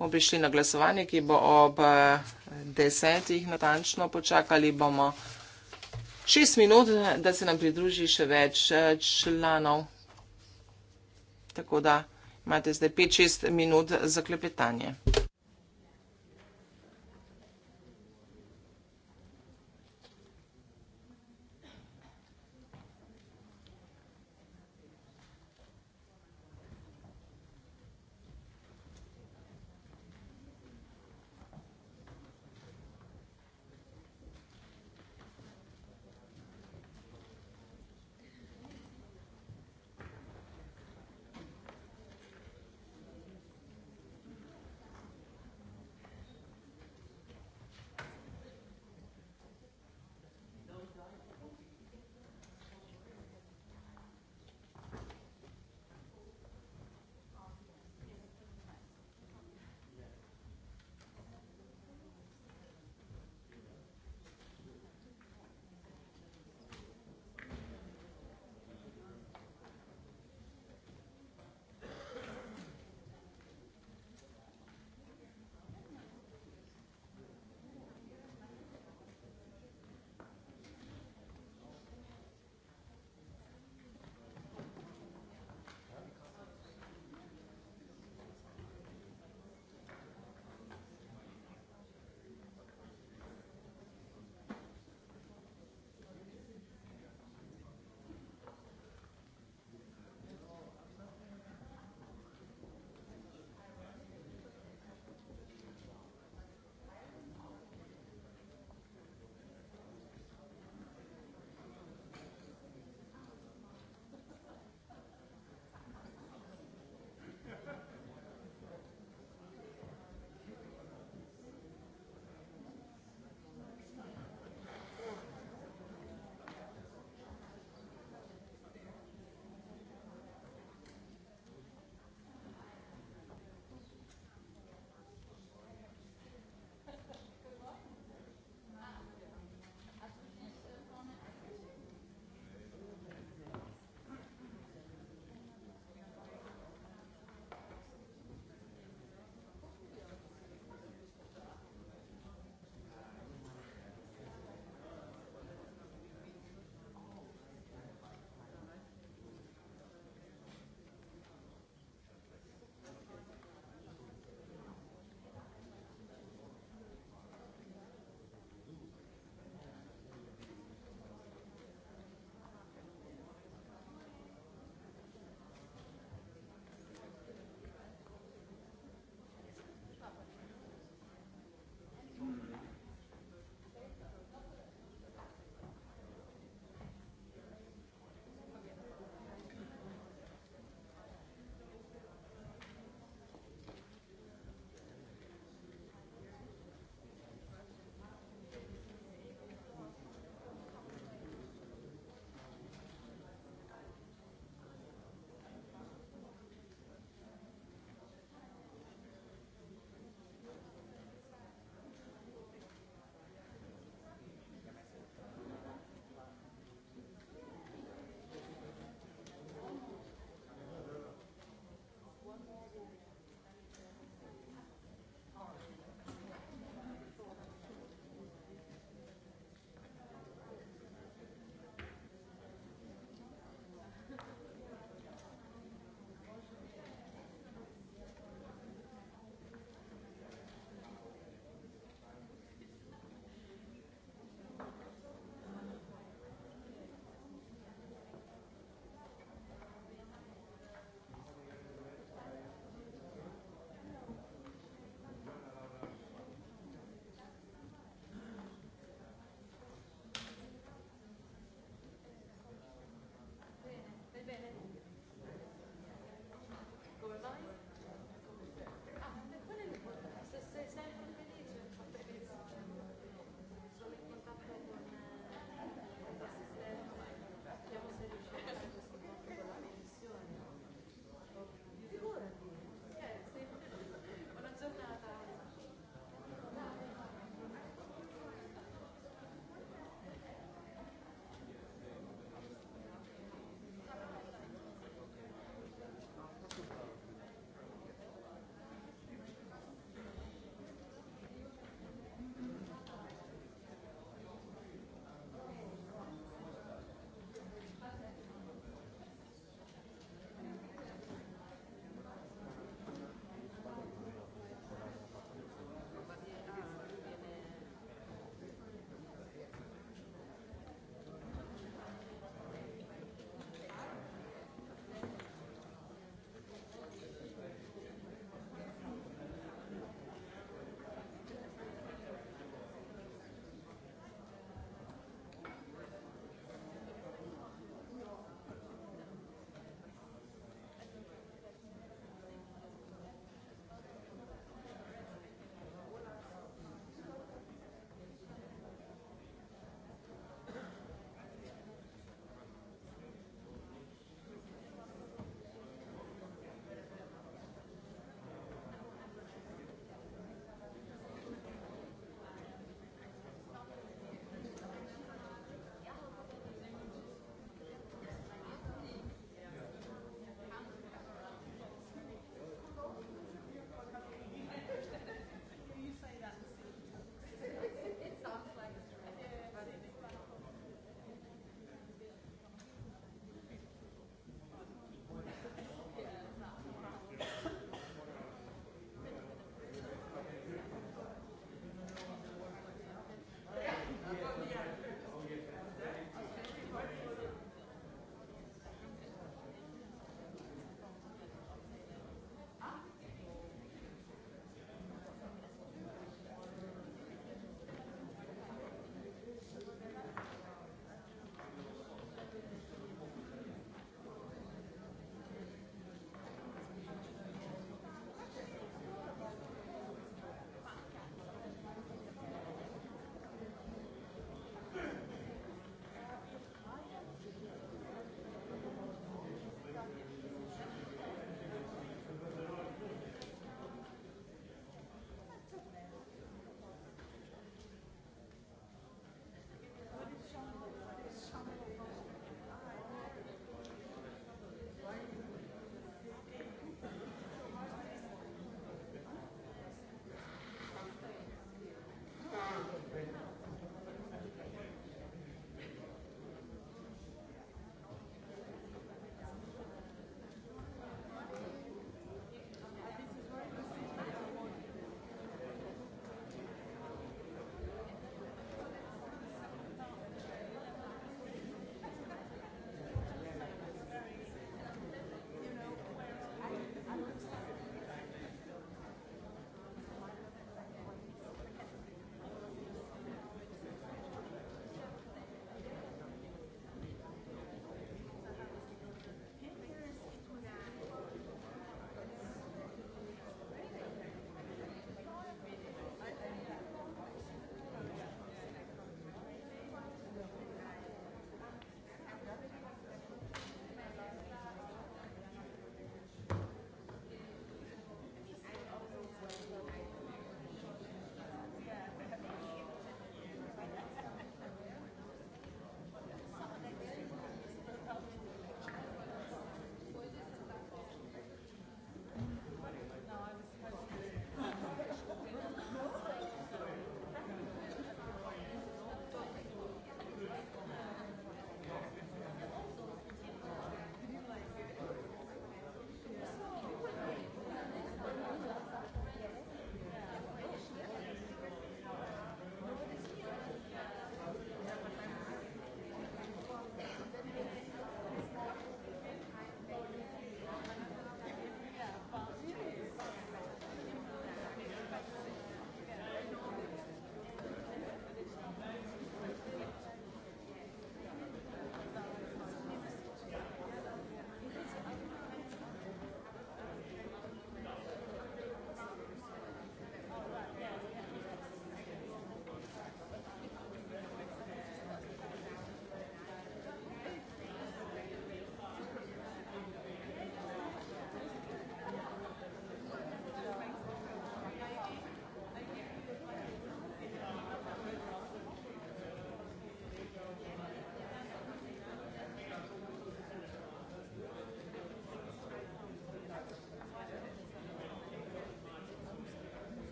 bomo prišli na glasovanje, ki bo ob eh, desetih natančno počakali. Bomo šest minut, da se nam pridruži še več eh, članov. Tako da imate zdaj pet, šest minut za klepetanje.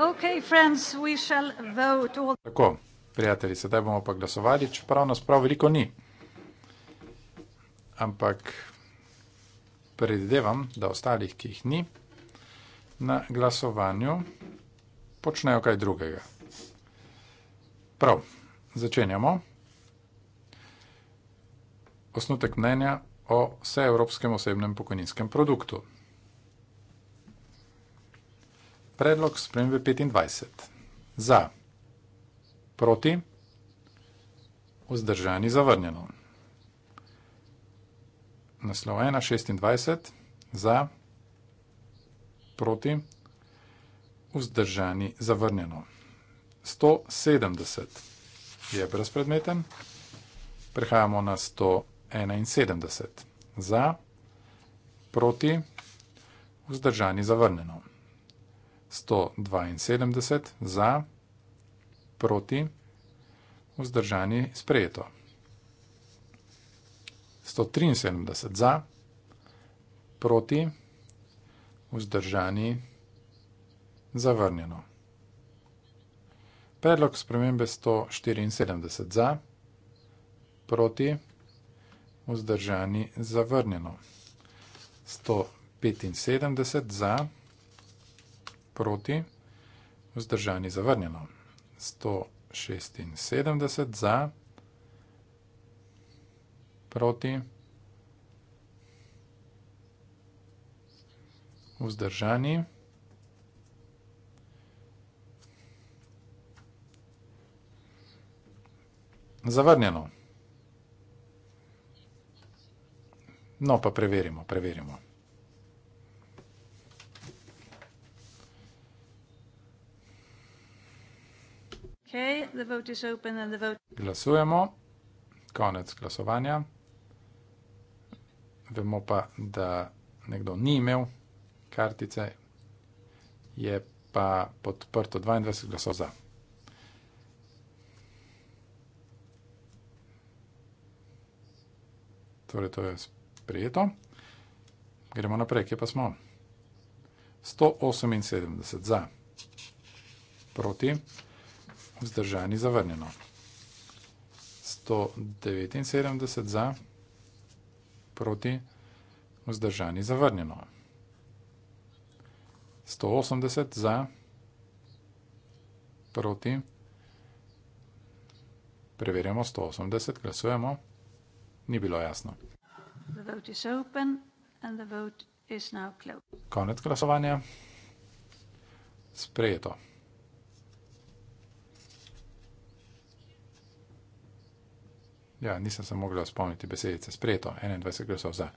Okay, friends, all... Tako, prijatelji, sedaj bomo pa glasovali, čeprav nas prav veliko ni. Ampak predvidevam, da ostalih, ki jih ni, na glasovanju počnejo kaj drugega. Prav, začenjamo. Osnutek mnenja o vseevropskem osebnem pokojninskem produktu. Predlog spremembe 25. Za. Proti. Vzdržani zavrnjeno. Naslov 1, 26. Za. Proti. Vzdržani zavrnjeno. 170 je brezpredmeten. Prehajamo na 171. Za. Proti. Vzdržani zavrnjeno. 172 za, proti, vzdržani sprejeto. 173 za, proti, vzdržani zavrnjeno. Predlog spremembe 174 za, proti, vzdržani zavrnjeno. 175 za, proti, vzdržani zavrnjeno proti, vzdržani zavrnjeno. 176 za, proti, vzdržani, zavrnjeno. No, pa preverimo, preverimo. Okay, the vote is open and the vote... Glasujemo. Konec glasovanja. Vemo pa, da nekdo ni imel kartice, je pa podprto 22 glasov za. Torej, to je sprejeto. Gremo naprej, kje pa smo? 178 za. Proti vzdržani zavrnjeno. 179 za, proti, vzdržani zavrnjeno. 180 za, proti, preverjamo 180, glasujemo, ni bilo jasno. The vote is open and the vote is now closed. Konec glasovanja, sprejeto. ja, nisem se mogla spomniti besedice, sprejeto, 21 glasov za.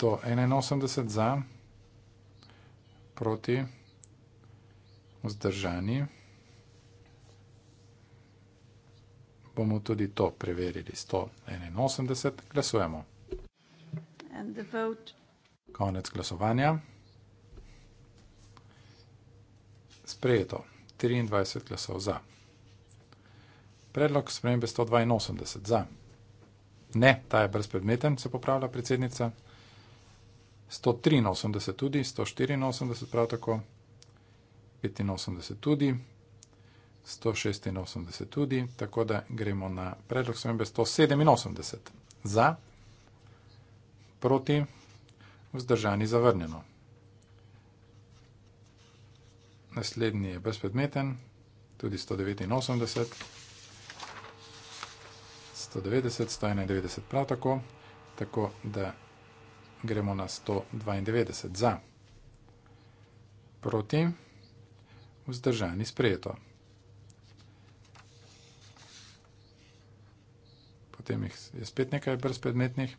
181 za, proti, vzdržani. Bomo tudi to preverili, 181 glasujemo. Konec glasovanja. Sprejeto, 23 glasov za. Predlog spremembe 182 za. Ne, ta je brezpredmeten, se popravlja predsednica. 183 tudi, 184 prav tako, 85 tudi, 186 tudi, tako da gremo na predlog spremembe 187 za, proti, vzdržani zavrnjeno. Naslednji je brezpredmeten, tudi 189. 190, 191 prav tako, tako da gremo na 192 za. Proti, vzdržani sprejeto. Potem je spet nekaj brezpredmetnih.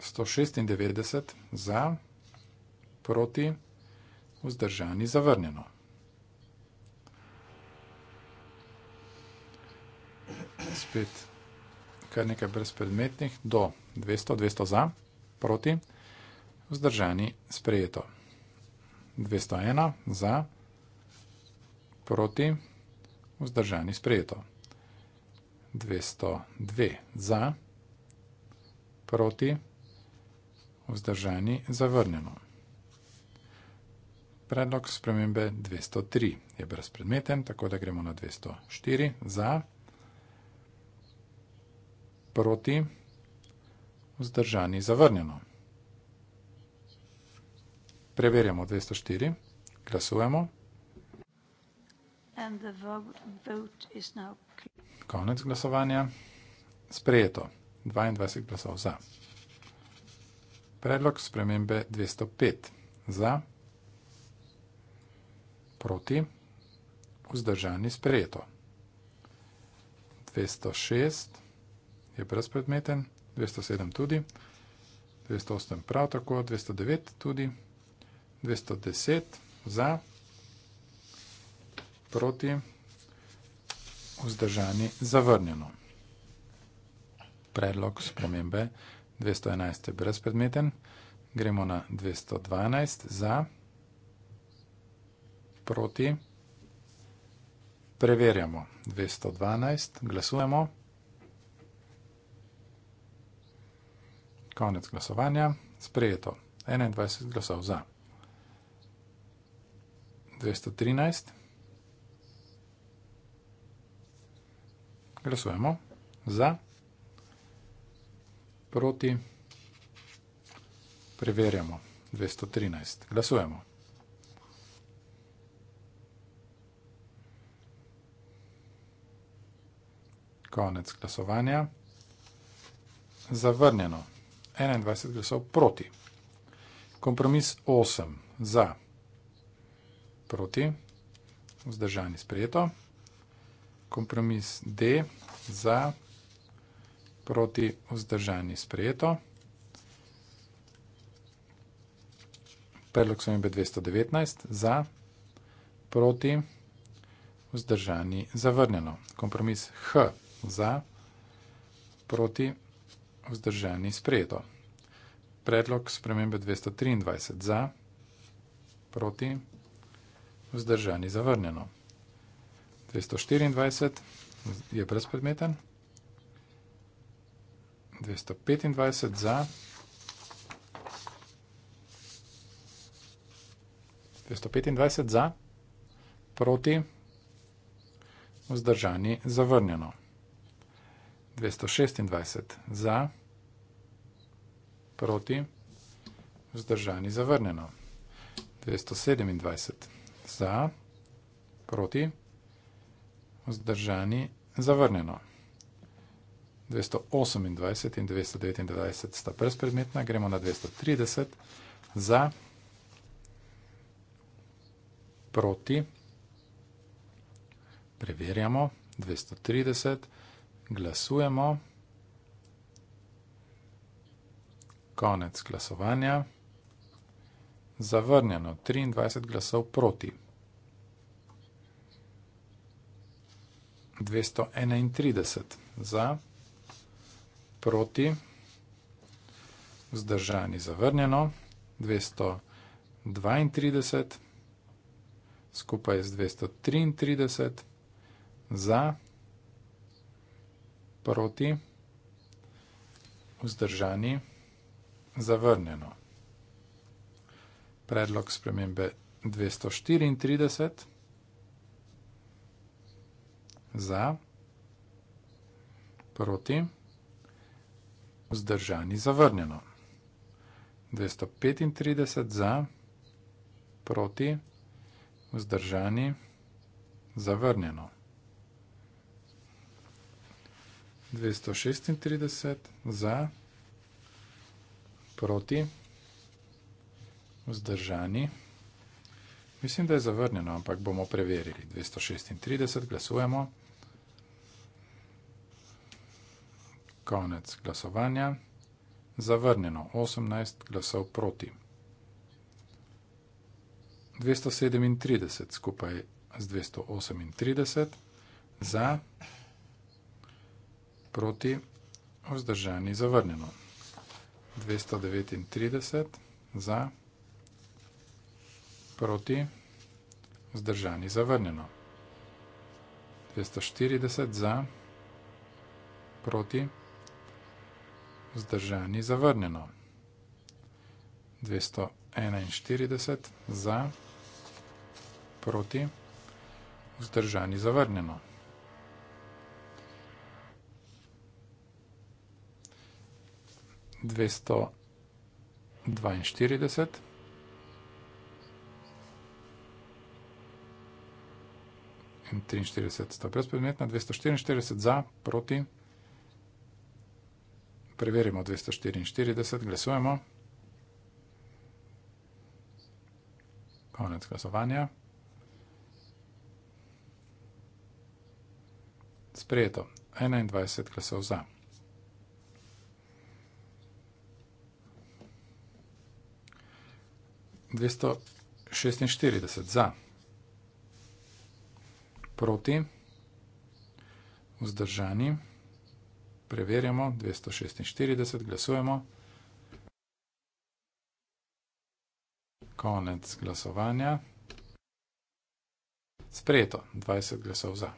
196 za, proti, vzdržani zavrnjeno. spet kar nekaj brezpredmetnih, do 200, 200 za, proti, vzdržani, sprejeto. 201 za, proti, vzdržani, sprejeto. 202 za, proti, vzdržani, zavrnjeno. Predlog spremembe 203 je brezpredmeten, tako da gremo na 204 za, proti, Proti. Vzdržani. Zavrnjeno. Preverjamo 204. Glasujemo. And the vote is now Konec glasovanja. Sprejeto. 22 glasov za. Predlog spremembe 205. Za. Proti. Vzdržani. Sprejeto. 206. 206 je brezpredmeten, 207 tudi, 208 prav tako, 209 tudi, 210 za, proti, vzdržani zavrnjeno. Predlog spremembe 211 je brezpredmeten, gremo na 212 za, proti, preverjamo 212, glasujemo, glasujemo, Konec glasovanja. Sprejeto. 21 glasov za. 213. Glasujemo za. Proti. Preverjamo. 213. Glasujemo. Konec glasovanja. Zavrnjeno. 21 glasov proti. Kompromis 8 za, proti, vzdržani sprejeto. Kompromis D za, proti, vzdržani sprejeto. Predlog sojembe 219 za, proti, vzdržani zavrnjeno. Kompromis H za, proti, vzdržani sprejeto vzdržani sprejeto. Predlog spremembe 223 za, proti, vzdržani zavrnjeno. 224 je brezpredmeten, 225 za, 225 za, proti, vzdržani zavrnjeno. 226 za, proti, vzdržani, zavrnjeno. 227 za, proti, vzdržani, zavrnjeno. 228 in 229 sta brezpredmetna, gremo na 230 za, proti, preverjamo, 230 za, glasujemo. Konec glasovanja. Zavrnjeno 23 glasov proti. 231 za, proti, vzdržani zavrnjeno, 232, skupaj z 233, za, proti, proti, vzdržani, zavrnjeno. Predlog spremembe 234, za, proti, vzdržani, zavrnjeno. 235, za, proti, vzdržani, zavrnjeno. 236 za, proti, vzdržani. Mislim, da je zavrnjeno, ampak bomo preverili. 236 glasujemo. Konec glasovanja. Zavrnjeno. 18 glasov proti. 237 skupaj z 238 za proti, vzdržani, zavrnjeno. 239 za, proti, vzdržani, zavrnjeno. 240 za, proti, vzdržani, zavrnjeno. 241 za, proti, vzdržani, zavrnjeno. 242. In 43 sta brezpredmetna, 244 za, proti. Preverimo 244, glasujemo. Konec glasovanja. Sprejeto, 21 glasov za. 246 za, proti, vzdržani, preverjamo, 246, glasujemo, konec glasovanja, sprejeto, 20 glasov za.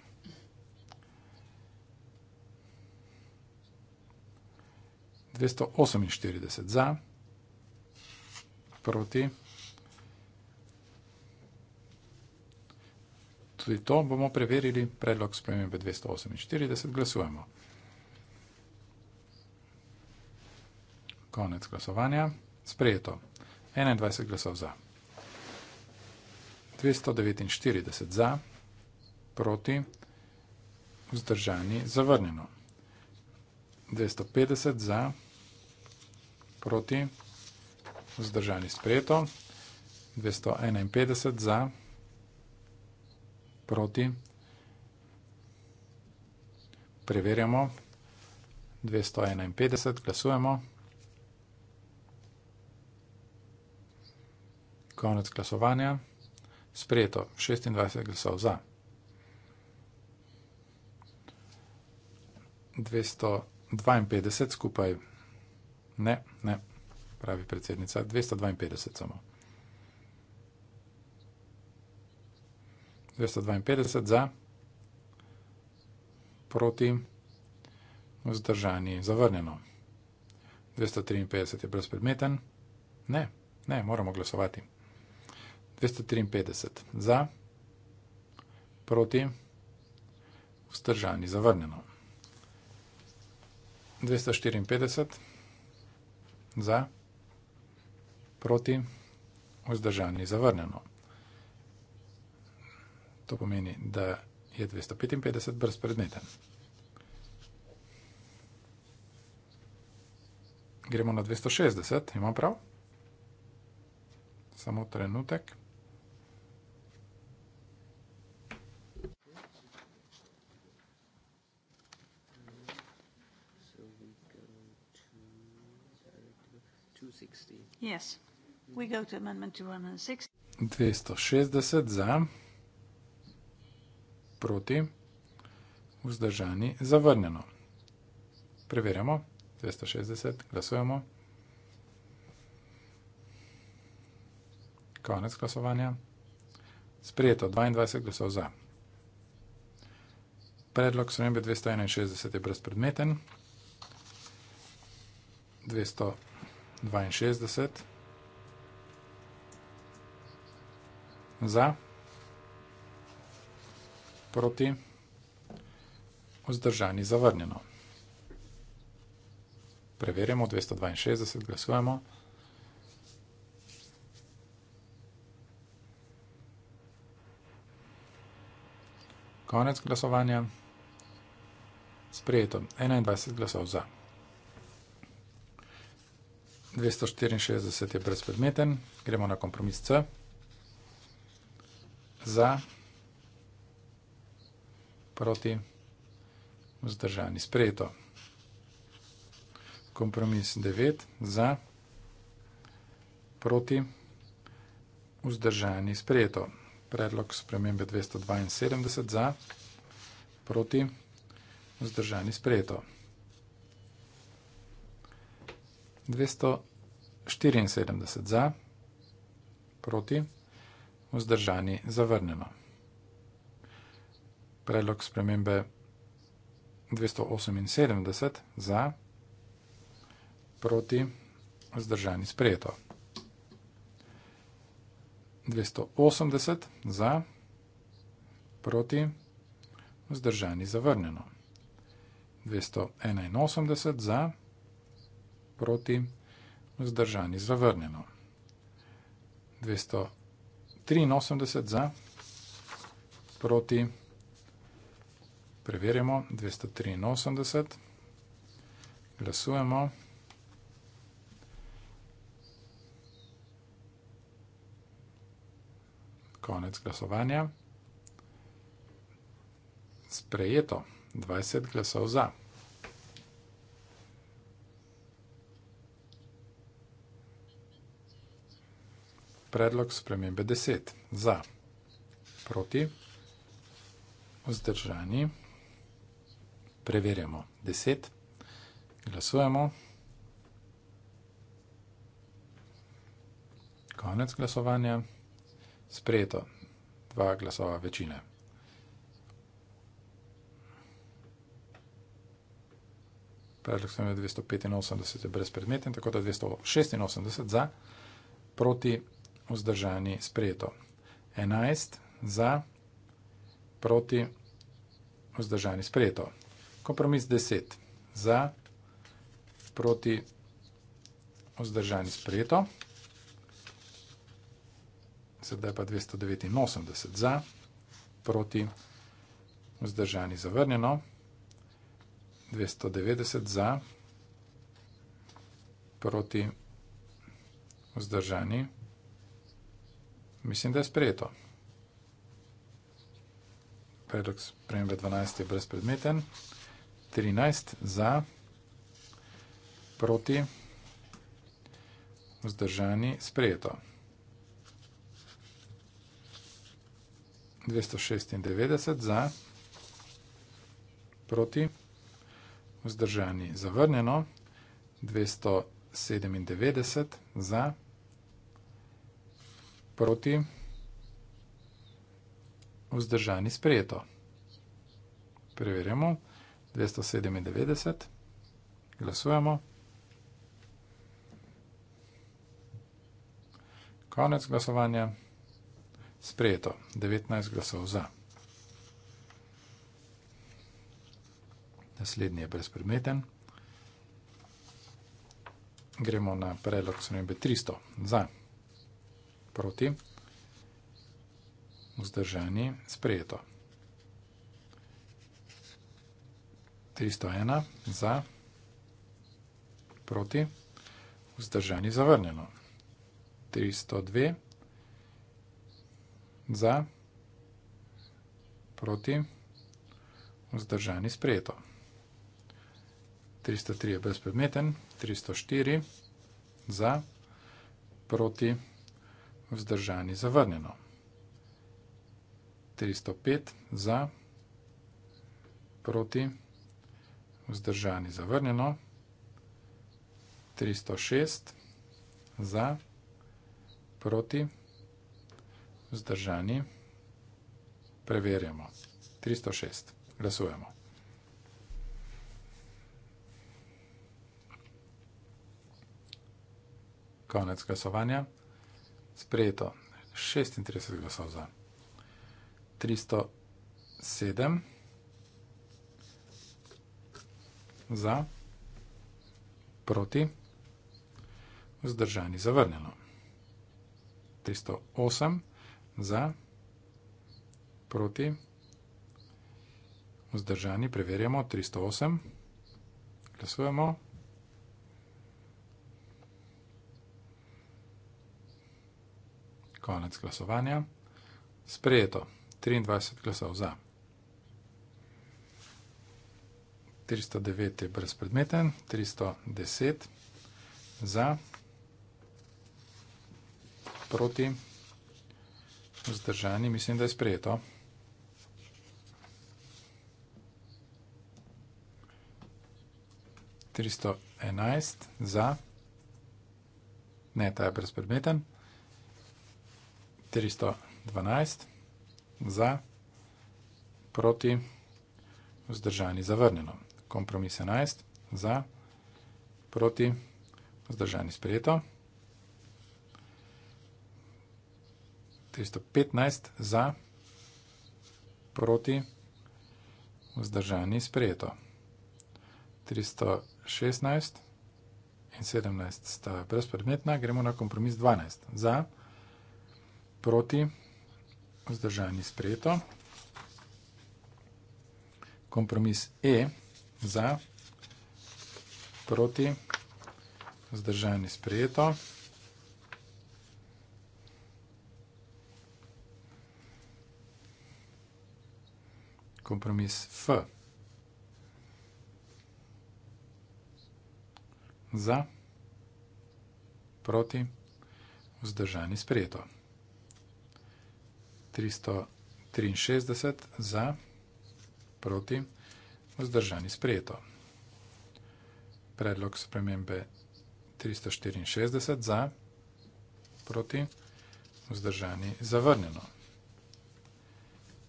248 za, proti, vzdržani, preverjamo, 246, glasujemo, tudi to bomo preverili. Predlog spremembe 248 glasujemo. Konec glasovanja. Sprejeto. 21 glasov za. 249 za, proti, vzdržani, zavrnjeno. 250 za, proti, vzdržani, sprejeto. 251 za, proti proti. Preverjamo. 251, glasujemo. Konec glasovanja. Sprejeto 26 glasov za. 252 skupaj. Ne, ne, pravi predsednica. 252 samo. 252 za, proti, vzdržani, zavrnjeno. 253 je brezpredmeten. Ne, ne, moramo glasovati. 253 za, proti, vzdržani, zavrnjeno. 254 za, proti, vzdržani, zavrnjeno. To pomeni, da je 255 brezpredmeten. Gremo na 260, imam prav? Samo trenutek. Yes. 260 za proti, vzdržani, zavrnjeno. Preverjamo, 260, glasujemo. Konec glasovanja. Sprejeto, 22 glasov za. Predlog sremenbe 261 je brezpredmeten. 262 za proti, vzdržani zavrnjeno. Preverjamo, 262 glasujemo. Konec glasovanja. Sprejeto, 21 glasov za. 264 je brezpredmeten, gremo na kompromis C. Za proti, vzdržani, sprejeto. Kompromis 9 za, proti, vzdržani, sprejeto. Predlog spremembe 272 za, proti, vzdržani, sprejeto. 274 za, proti, vzdržani, zavrnjeno predlog spremembe 278 za, proti, zdržani sprejeto. 280 za, proti, zdržani zavrnjeno. 281 za, proti, zdržani zavrnjeno. 283 za, proti, zdržani zavrnjeno. Preverjamo 283. Glasujemo. Konec glasovanja. Sprejeto. 20 glasov za. Predlog spremembe 10. Za. Proti. Vzdržani. Vzdržani preverjamo. 10, glasujemo. Konec glasovanja, sprejeto, dva glasova večine. Predlog sem je 285 je brezpredmeten, tako da 286 za, proti vzdržani sprejeto. 11 za, proti vzdržani sprejeto kompromis 10 za, proti, vzdržani sprejeto, sedaj pa 289 za, proti, vzdržani zavrnjeno, 290 za, proti, vzdržani, mislim, da je sprejeto. Predlog spremembe 12 je brezpredmeten. Predlog spremembe 12 je brezpredmeten. 13 za, proti, vzdržani, sprejeto. 296 za, proti, vzdržani, zavrnjeno. 297 za, proti, vzdržani, sprejeto. Preverjamo. 297. Glasujemo. Konec glasovanja. Sprejeto. 19 glasov za. Naslednji je brezpredmeten. Gremo na predlog spremembe 300. Za. Proti. Vzdržani. Sprejeto. 301 za, proti, vzdržani zavrnjeno. 302 za, proti, vzdržani sprejeto. 303 je brezpredmeten, 304 za, proti, vzdržani zavrnjeno. 305 za, proti, vzdržani zavrnjeno vzdržani zavrnjeno, 306 za, proti, vzdržani, preverjamo, 306, glasujemo. Konec glasovanja, sprejeto, 36 glasov za, 307 za, za, proti, vzdržani, zavrnjeno. 308 za, proti, vzdržani, preverjamo, 308, glasujemo. Konec glasovanja. Sprejeto, 23 glasov za. 309 je brezpredmeten, 310 za, proti, vzdržani, mislim, da je sprejeto. Tristo enajst za, ne, ta je brezpredmeten, tristo dvanajst za, proti, vzdržani, zavrnjeno kompromis 11, za, proti, vzdržani sprejeto. 315 za, proti, vzdržani sprejeto. 316 in 17 sta brezpredmetna, gremo na kompromis 12, za, proti, vzdržani sprejeto. Kompromis E za, proti, vzdržani sprejeto. Kompromis F. Za, proti, vzdržani sprejeto. 363 za, proti, vzdržani sprejeto vzdržani sprejeto. Predlog spremembe 364 za, proti, vzdržani zavrnjeno.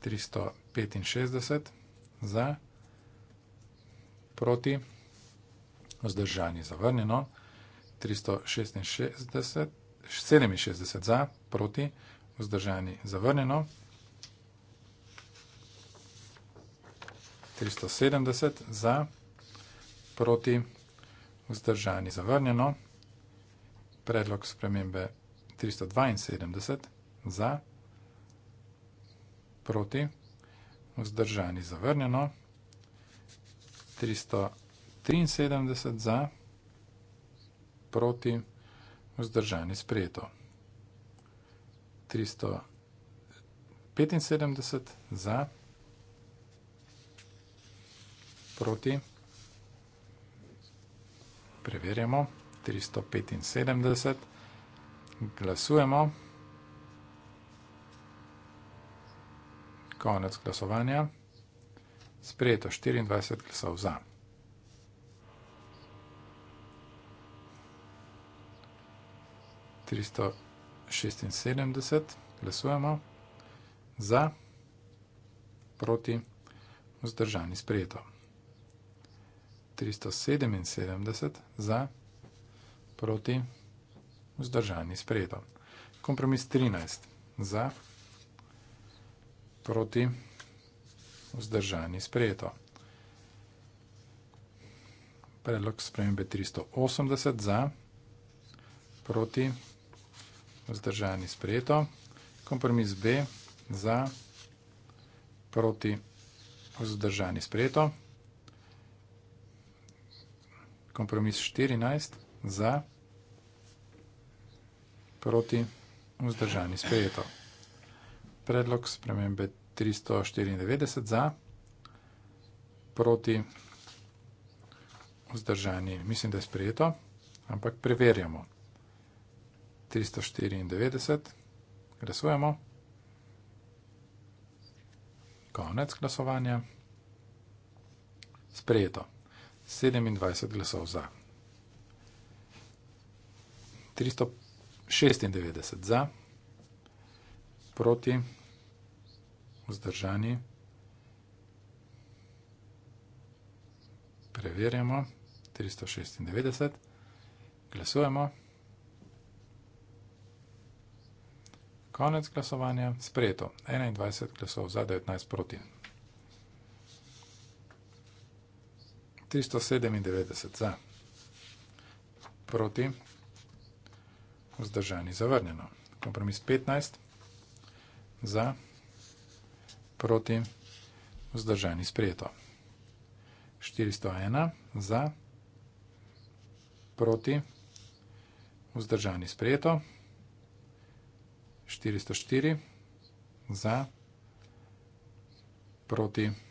365 za, proti, vzdržani zavrnjeno. 366 67 za, proti, vzdržani zavrnjeno. 370 za, proti vzdržani zavrnjeno, predlog spremembe 372 za, proti vzdržani zavrnjeno, 373 za, proti vzdržani sprejeto, 375 za, proti vzdržani sprejeto proti. Preverjamo. 375. Glasujemo. Konec glasovanja. Sprejeto 24 glasov za. Tristo šestinsedemdeset, glasujemo za, proti, vzdržani sprejeto. 377 za, proti, vzdržani sprejeto. Kompromis 13 za, proti, vzdržani sprejeto. Predlog spremembe 380 za, proti, vzdržani sprejeto. Kompromis B za, proti, vzdržani sprejeto. Kompromis B za, proti, vzdržani sprejeto kompromis 14 za, proti, vzdržani, sprejeto. Predlog spremembe 394 za, proti, vzdržani, mislim, da je sprejeto, ampak preverjamo. 394, glasujemo. Konec glasovanja. Sprejeto. 27 glasov za. 396 za, proti, vzdržani. Preverjamo. 396, glasujemo. Konec glasovanja, sprejeto. 21 glasov za, 19 proti. 397 za, proti, vzdržani, zavrnjeno. Kompromis 15 za, proti, vzdržani, sprejeto. 401 za, proti, vzdržani, sprejeto. 404 za, proti, vzdržani, sprejeto.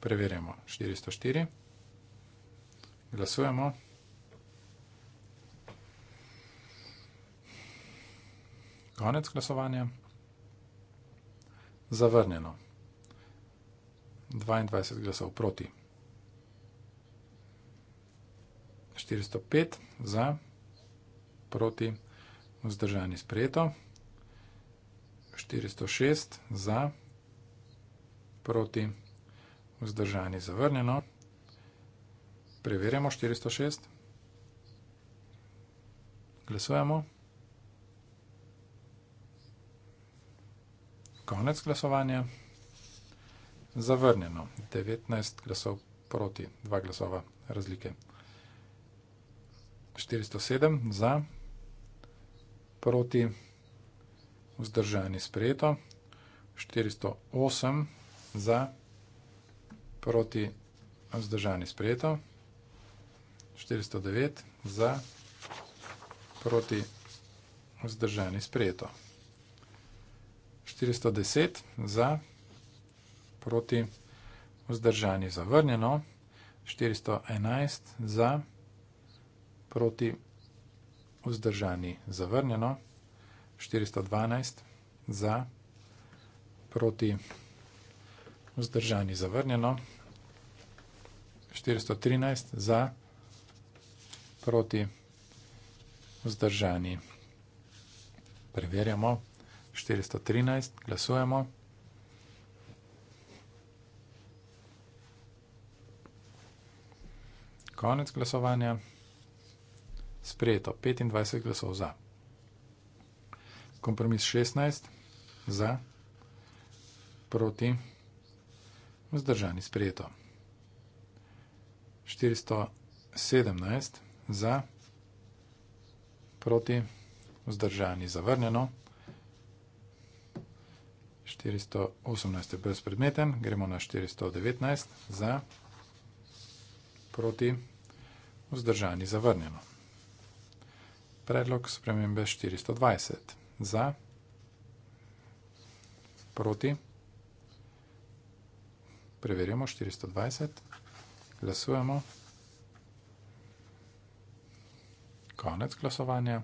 Preverjamo 404. Glasujemo. Konec glasovanja. Zavrnjeno. 22 glasov proti. 405 za, proti, vzdržani sprejeto. 406 za, proti, vzdržani sprejeto vzdržani zavrnjeno. Preverjamo 406. Glasujemo. Konec glasovanja. Zavrnjeno. 19 glasov proti. 2 glasova razlike. 407 za. Proti. Vzdržani sprejeto. 408 za. Proti proti vzdržani sprejeto. 409 za proti vzdržani sprejeto. 410 za proti vzdržani zavrnjeno. 411 za proti vzdržani zavrnjeno. 412 za proti vzdržani zavrnjeno vzdržani zavrnjeno, 413 za, proti vzdržani. Preverjamo, 413, glasujemo. Konec glasovanja, sprejeto 25 glasov za. Kompromis 16 za, proti vzdržani vzdržani sprejeto. 417 za, proti, vzdržani zavrnjeno. 418 je brezpredmeten, gremo na 419 za, proti, vzdržani zavrnjeno. Predlog spremembe 420 za, proti, vzdržani zavrnjeno. Preverimo 420. Glasujemo. Konec glasovanja.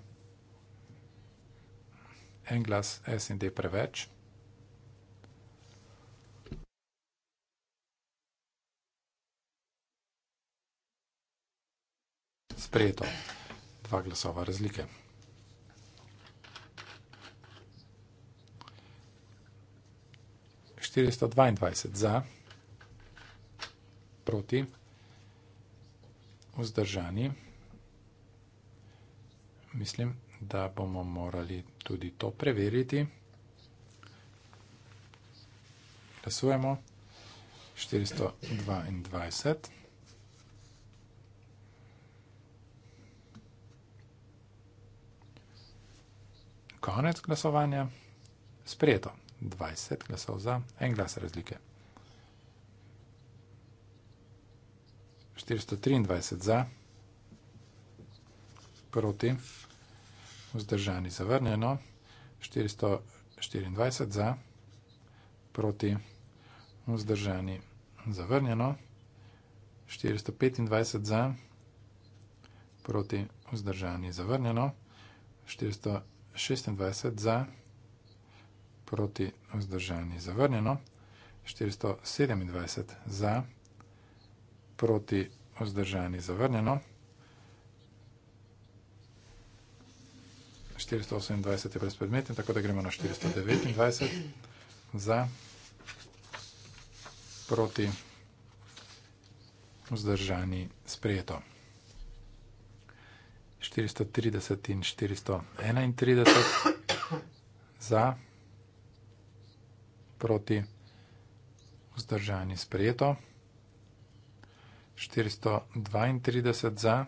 En glas SND preveč. Sprejeto. Dva glasova razlike. 422 za proti, vzdržani. Mislim, da bomo morali tudi to preveriti. Glasujemo 422. Konec glasovanja. Sprejeto. 20 glasov za, en glas razlike. 423 za, proti, vzdržani zavrnjeno, 424 za, proti, vzdržani zavrnjeno, 425 za, proti, vzdržani zavrnjeno, 426 za, proti, vzdržani zavrnjeno, 427 za, proti, vzdržani zavrnjeno, proti vzdržani zavrnjeno. 428 je brez predmeti, tako da gremo na 429 za proti vzdržani sprejeto. 430 in 431 za proti vzdržani sprejeto. 432 za,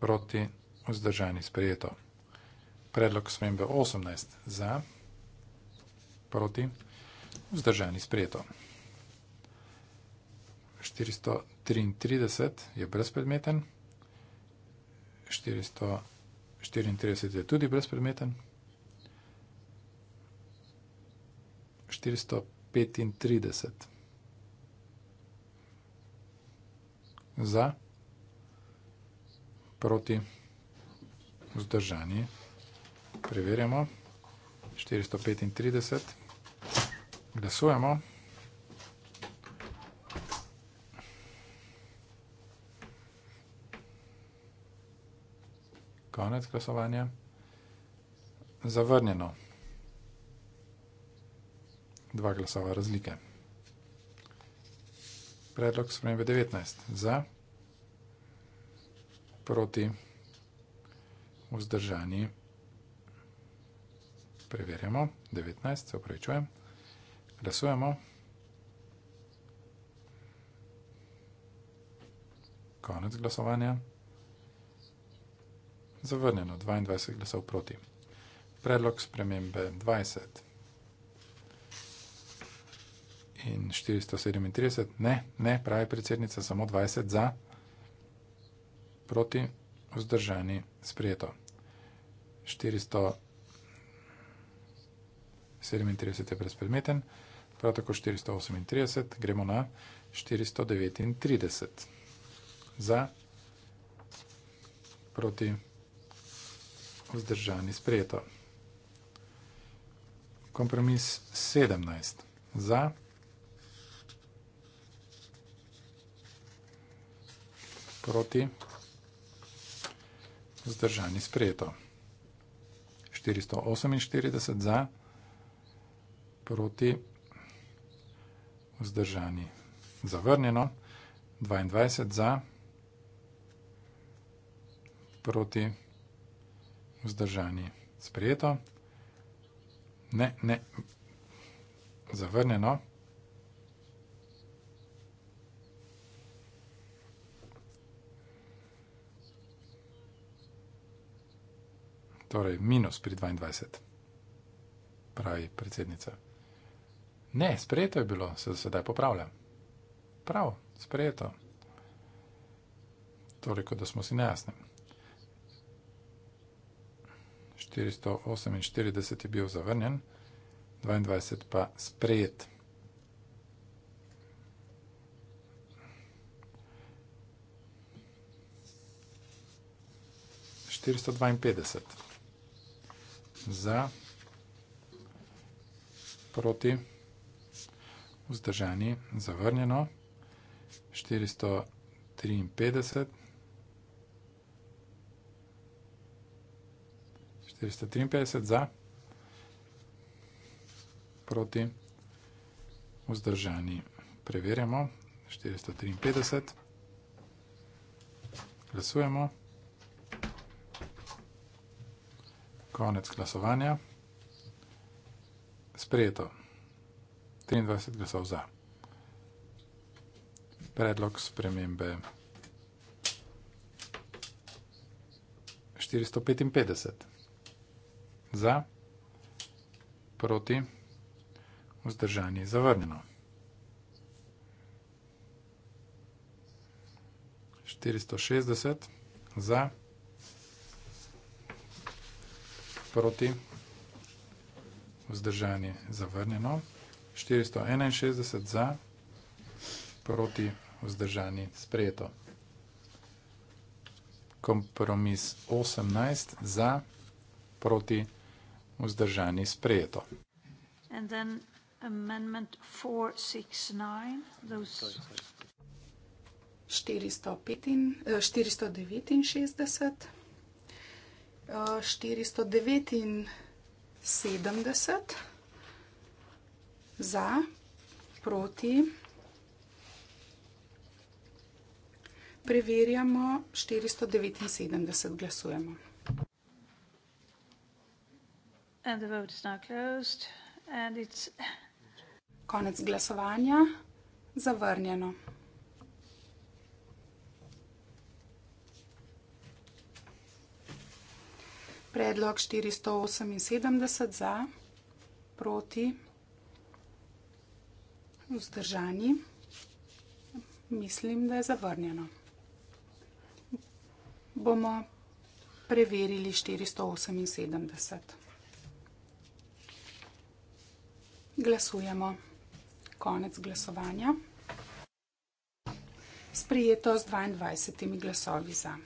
proti vzdržani sprejeto. Predlog spremembe 18 za, proti vzdržani sprejeto. 433 je brezpredmeten, 434 je tudi brezpredmeten, 435 je tudi brezpredmeten. za, proti, vzdržanje. Preverjamo. 435. Glasujemo. Konec glasovanja. Zavrnjeno. Dva glasova razlike predlog spremembe 19. Za, proti, vzdržani. Preverjamo. 19, se upravičujem. Glasujemo. Konec glasovanja. Zavrnjeno. 22 glasov proti. Predlog spremembe 20 in 437, ne, ne, pravi predsednica, samo 20 za, proti, vzdržani, sprijeto. 437 je brezpredmeten, prav tako 438, gremo na 439 za, proti, vzdržani, sprijeto. Kompromis 17 za, proti, vzdržani sprejeto. 448 za, proti, vzdržani zavrnjeno, 22 za, proti, vzdržani sprejeto, ne, ne, zavrnjeno, torej minus pri 22, pravi predsednica. Ne, sprejeto je bilo, se sedaj popravlja. Prav, sprejeto. Toliko, da smo si nejasni. 448 je bil zavrnjen, 22 pa sprejet. Четыреста двадцать пять za, proti, vzdržani, zavrnjeno, 453, 453 za, proti, vzdržani, preverjamo, 453, glasujemo, 453, Konec glasovanja. Sprejeto. 23 glasov za. Predlog spremembe 455. Za, proti, vzdržani, zavrnjeno. 460 za, proti, vzdržanje zavrnjeno, 461 za, proti, vzdržanje sprejeto. Kompromis 18 za, proti, vzdržanje sprejeto. Amendment 469, those... 465, 469. Eh, 479 za, proti. Preverjamo 479, glasujemo. And the vote is now closed. And it's... Konec glasovanja, zavrnjeno. predlog 478 za, proti, vzdržani. Mislim, da je zavrnjeno. Bomo preverili 478. Glasujemo. Konec glasovanja. Sprijeto z 22 glasovi za.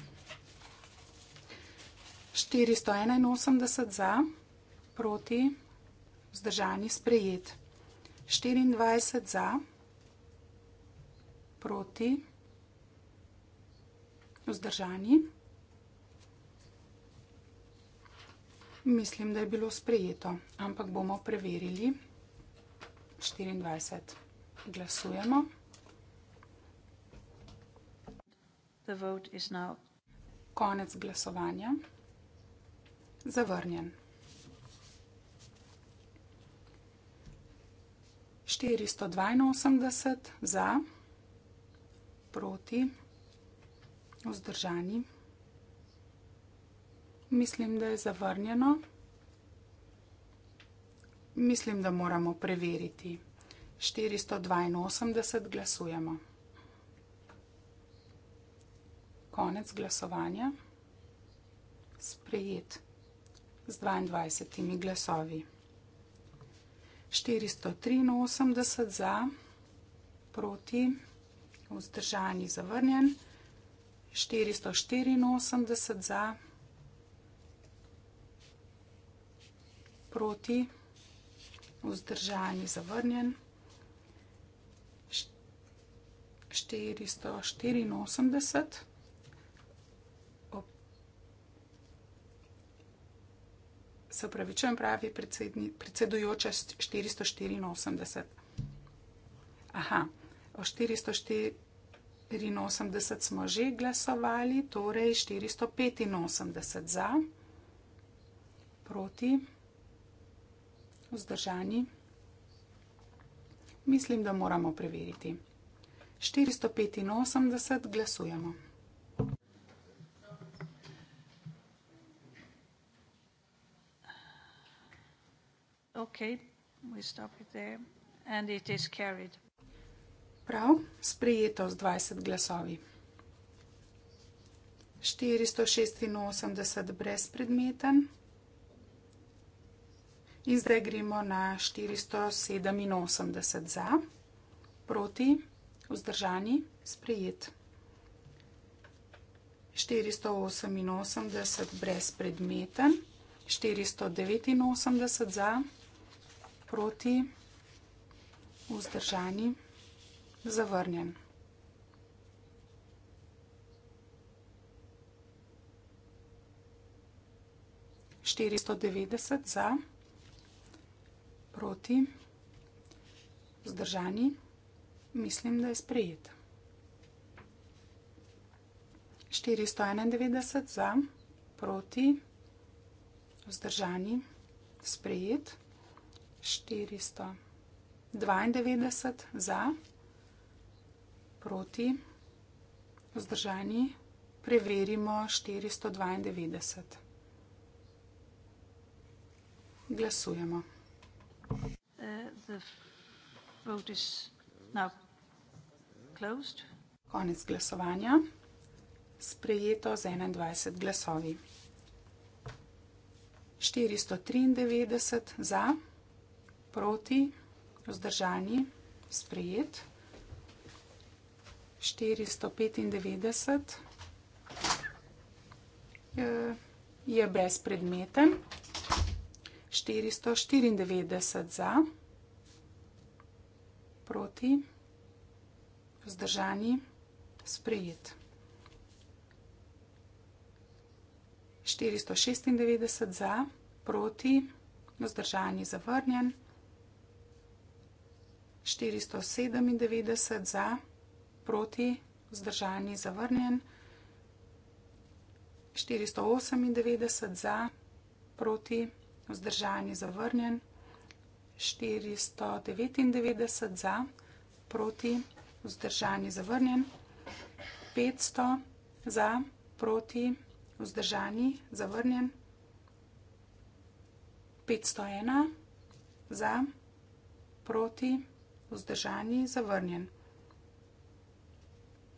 481 za, proti, vzdržani sprejet. 24 za, proti, vzdržani. Mislim, da je bilo sprejeto, ampak bomo preverili. 24. Glasujemo. The vote is now. Konec glasovanja zavrnjen. Štiristo dvainosemdeset za, proti, vzdržani. Mislim, da je zavrnjeno. Mislim, da moramo preveriti. Štiristo dvainosemdeset glasujemo. Konec glasovanja. Sprejet z 22 glasovi. 483 za, proti, vzdržani zavrnjen, 484 za, proti, vzdržani zavrnjen, 484 za, proti, se upravičujem, pravi predsedujoča 484. Aha, o 484 smo že glasovali, torej 485 za, proti, vzdržani. Mislim, da moramo preveriti. 485 glasujemo. Okay, we stop it there. And it is carried. Prav, sprejeto z 20 glasovi. 486 brezpredmeten. In zdaj gremo na 487 za, proti, vzdržani, sprejet. 488 brezpredmeten, 489 za proti, vzdržani, zavrnjen. Štiristo devetdeset za, proti, vzdržani, mislim, da je sprejet. Štiristo enaindevetdeset za, proti, vzdržani, sprejet. 400. 92 za, proti, vzdržani, preverimo 492. Glasujemo. Uh, the vote is now closed. Konec glasovanja. Sprejeto z 21 glasovi. 493 za proti, vzdržani, sprejet. 495 je brez predmeten. 494 za, proti, vzdržani, sprejet. 496 za, proti, vzdržani, zavrnjen. 497 za, proti, vzdržani, zavrnjen. 498 za, proti, vzdržani, zavrnjen. 499 za, proti, vzdržani, zavrnjen. 500 za, proti, vzdržani, zavrnjen. 501 za, proti, vzdržani, zavrnjen vzdržani, zavrnjen.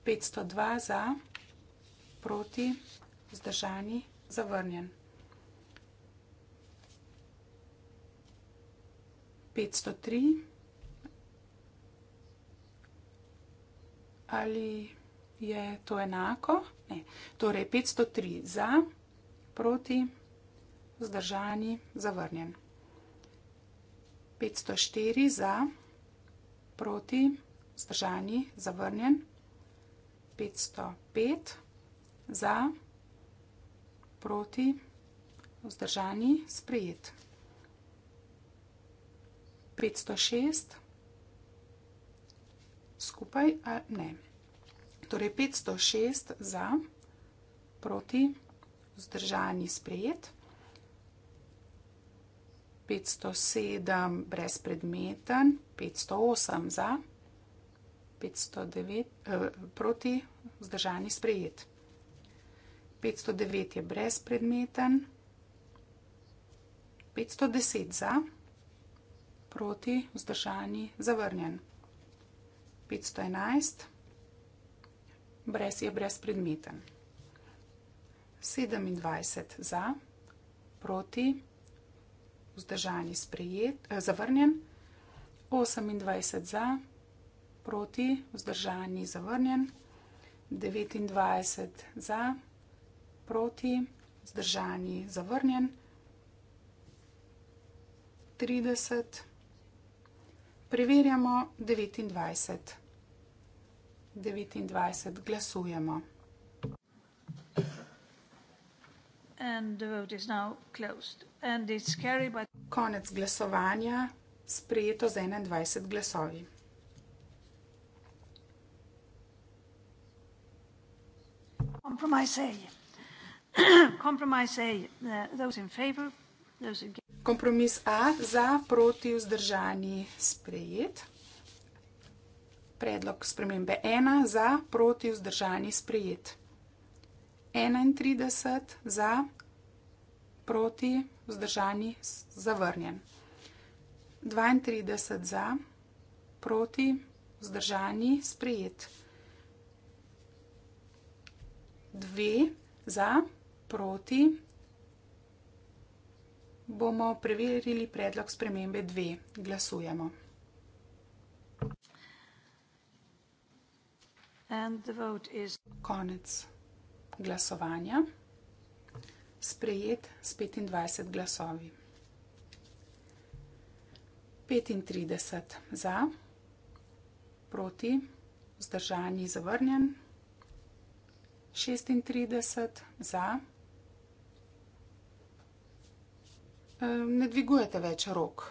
502 za, proti, vzdržani, zavrnjen. 503 ali je to enako? Ne. Torej, 503 za, proti, vzdržani, zavrnjen. 504 za, proti, vzdržani, zavrnjen proti, zdržani, zavrnjen, 505, za, proti, vzdržani, sprejet. 506, skupaj ali ne. Torej 506 za, proti, vzdržani, sprejet. 507 brezpredmeten, 508 za, 509 eh, proti, vzdržani sprejet. 509 je brezpredmeten, 510 za, proti, vzdržani zavrnjen. 511 brez je brezpredmeten. 27 za, proti, vzdržani zavrnjen vzdržani, sprejet, eh, zavrnjen, 28 za, proti, vzdržani, zavrnjen, 29 za, proti, vzdržani, zavrnjen, 30, preverjamo 29. 29 glasujemo. And the vote is now closed. Konec glasovanja, sprejeto z 21 glasovi. Uh, Kompromis A za proti vzdržani sprejet. Predlog spremembe 1 za proti vzdržani sprejet. 31 za proti vzdržani sprejet vzdržani, zavrnjen. 32 za, proti, vzdržani, sprejet. 2 za, proti, bomo preverili predlog spremembe 2. Glasujemo. And the vote is... Konec glasovanja sprejet s 25 glasovi. 35 za, proti, vzdržani, zavrnjen, 36 za. E, ne dvigujete več rok,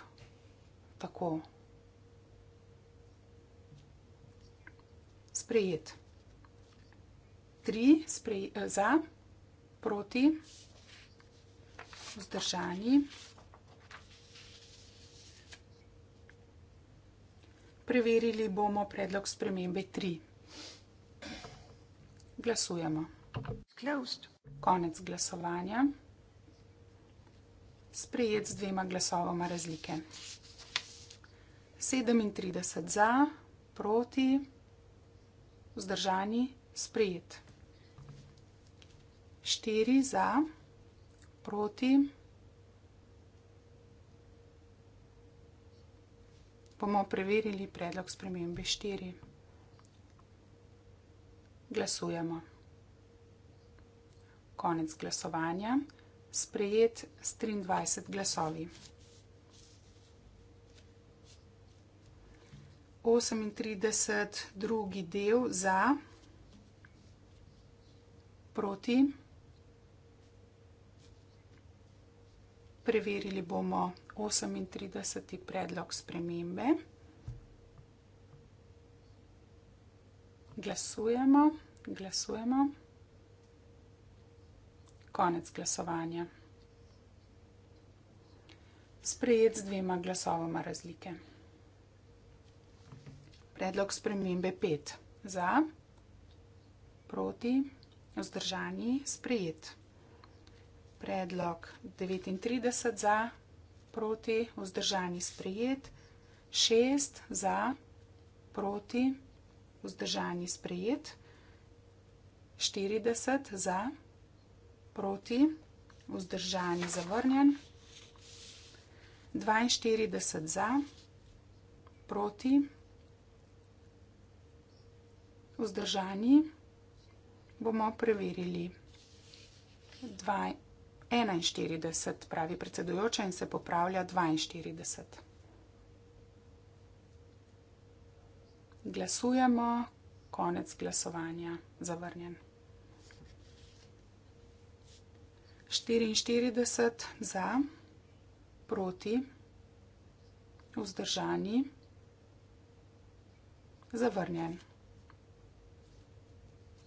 tako. Sprejet. 3 e, za, proti, vzdržani. Preverili bomo predlog spremembe 3. Glasujemo. Konec glasovanja. Sprejet z dvema glasovoma razlike. 37 za, proti, vzdržani, sprejet. 4 za proti. Bomo preverili predlog spremembe 4. Glasujemo. Konec glasovanja. Sprejet s 23 glasovi. 38 drugi del za proti. Preverili bomo 38. predlog spremembe. Glasujemo, glasujemo. Konec glasovanja. Sprejet z dvema glasovama razlike. Predlog spremembe 5. Za, proti, vzdržani, sprejet predlog 39 za, proti, vzdržani sprejet, 6 za, proti, vzdržani sprejet, 40 za, proti, vzdržani zavrnjen, 42 za, proti, vzdržani bomo preverili. 2, 41, pravi predsedujoča in se popravlja 42. Glasujemo, konec glasovanja, zavrnjen. 44 za, proti, vzdržani, zavrnjen.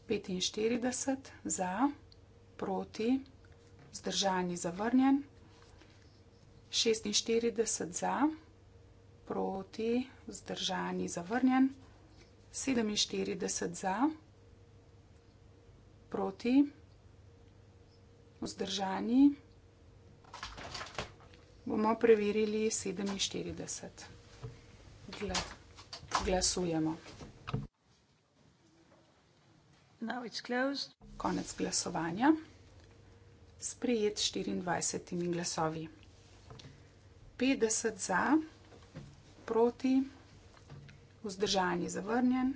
45 za, proti, vzdržani vzdržani zavrnjen, 46 za, proti vzdržani zavrnjen, 47 za, proti vzdržani, bomo preverili 47. Glasujemo. Now it's closed. Konec glasovanja sprejet 24 glasovi. 50 za, proti, vzdržanje zavrnjen,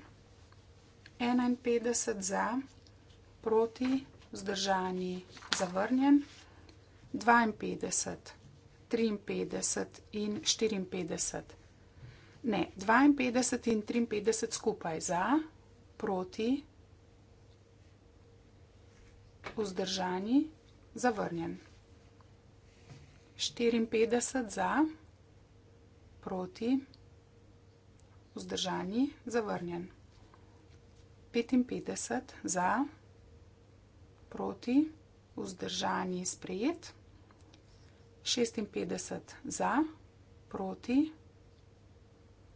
51 za, proti, vzdržanje zavrnjen, 52, 53 in 54. Ne, 52 in 53 skupaj za, proti, vzdržanje zavrnjen zavrnjen. 54 za, proti, vzdržani, zavrnjen. 55 za, proti, vzdržani, sprejet. 56 za, proti,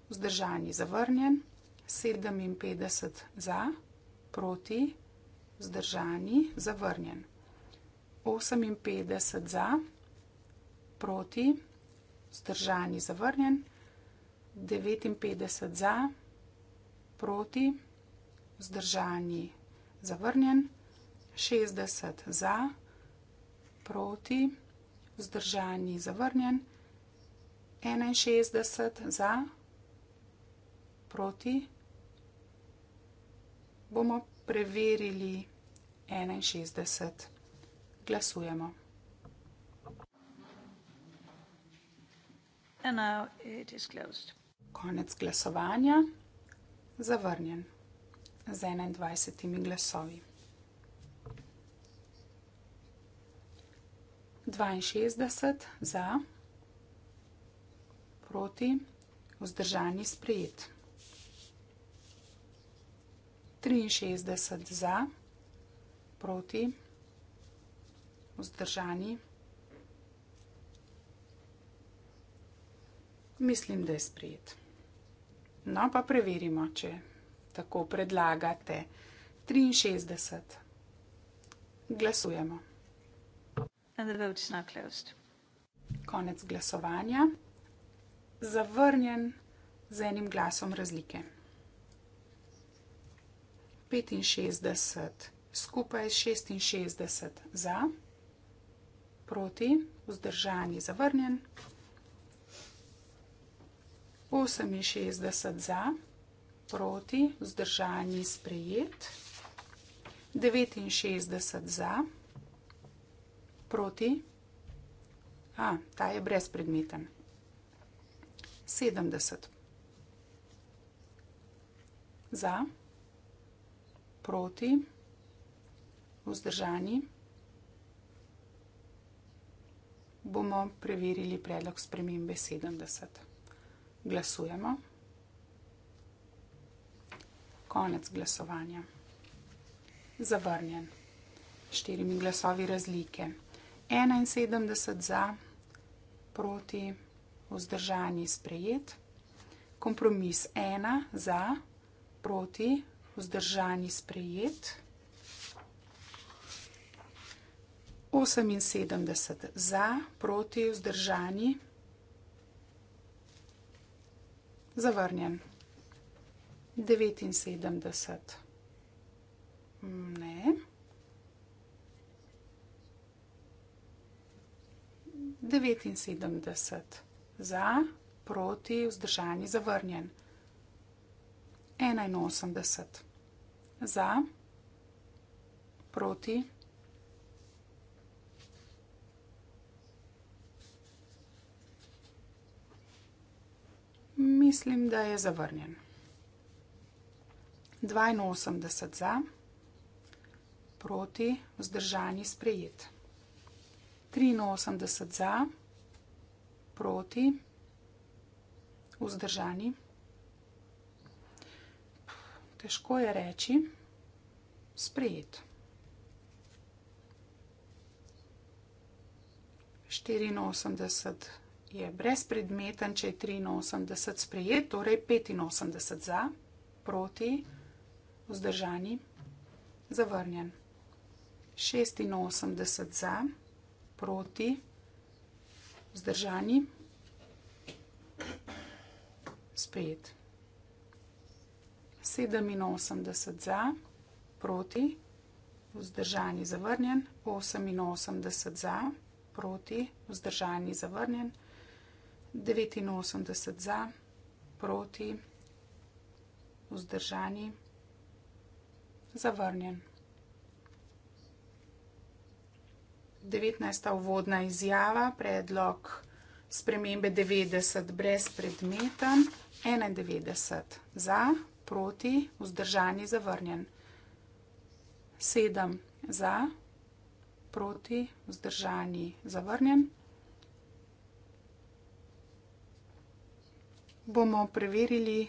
vzdržani, zavrnjen. 57 za, proti, vzdržani, zavrnjen. 58 za, proti, vzdržani, zavrnjen, 59 za, proti, vzdržani, zavrnjen, 60 za, proti, vzdržani, zavrnjen, 61 za, proti. Bomo preverili 61 glasujemo. Konec glasovanja, zavrnjen z 21 glasovi. 62 za, proti, vzdržani sprejet. 63 za, proti, vzdržani sprejet vzdržani. Mislim, da je sprejet. No, pa preverimo, če tako predlagate. 63. Glasujemo. Konec glasovanja. Zavrnjen z enim glasom razlike. 65 skupaj 66 za proti, vzdržani, zavrnjen, 68 za, proti, vzdržani, sprejet, 69 za, proti, a, ta je brezpredmeten, 70 za, proti, vzdržani, sprejet, bomo preverili predlog spremembe 70. Glasujemo. Konec glasovanja. Zavrnjen. Štirimi glasovi razlike. 71 za, proti, vzdržani, sprejet. Kompromis 1 za, proti, vzdržani, sprejet. 78 za, proti, vzdržani, zavrnjen. 79, ne. 79 za, proti, vzdržani, zavrnjen. 81 za, proti, vzdržani. Mislim, da je zavrnjen. 82 za, proti, vzdržani sprejet. 83 za, proti, vzdržani. Težko je reči, sprejet. 84 za, proti, vzdržani je brezpredmeten, če je 83 sprejet, torej 85 za, proti, vzdržani, zavrnjen. 86 za, proti, vzdržani, sprejet. 87 za, proti, vzdržani, zavrnjen. 88 za, proti, vzdržani, zavrnjen. 89 za, proti, vzdržani, zavrnjen. 19. uvodna izjava, predlog spremembe 90 brez predmeta, 91 za, proti, vzdržani, zavrnjen. 7 za, proti, vzdržani, zavrnjen. bomo preverili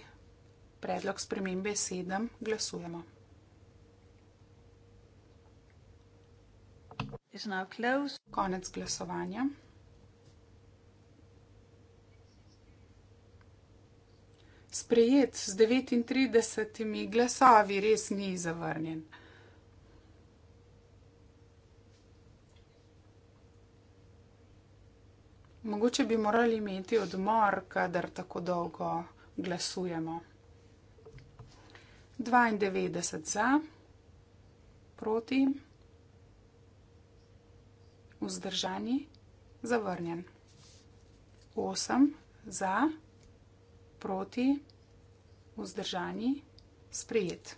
predlog spremembe 7. Glasujemo. Konec glasovanja. Sprejet z 39 glasovi res ni zavrnjen. Mogoče bi morali imeti odmor, kadar tako dolgo glasujemo. 92 za, proti, vzdržani, zavrnjen. 8 za, proti, vzdržani, sprejet.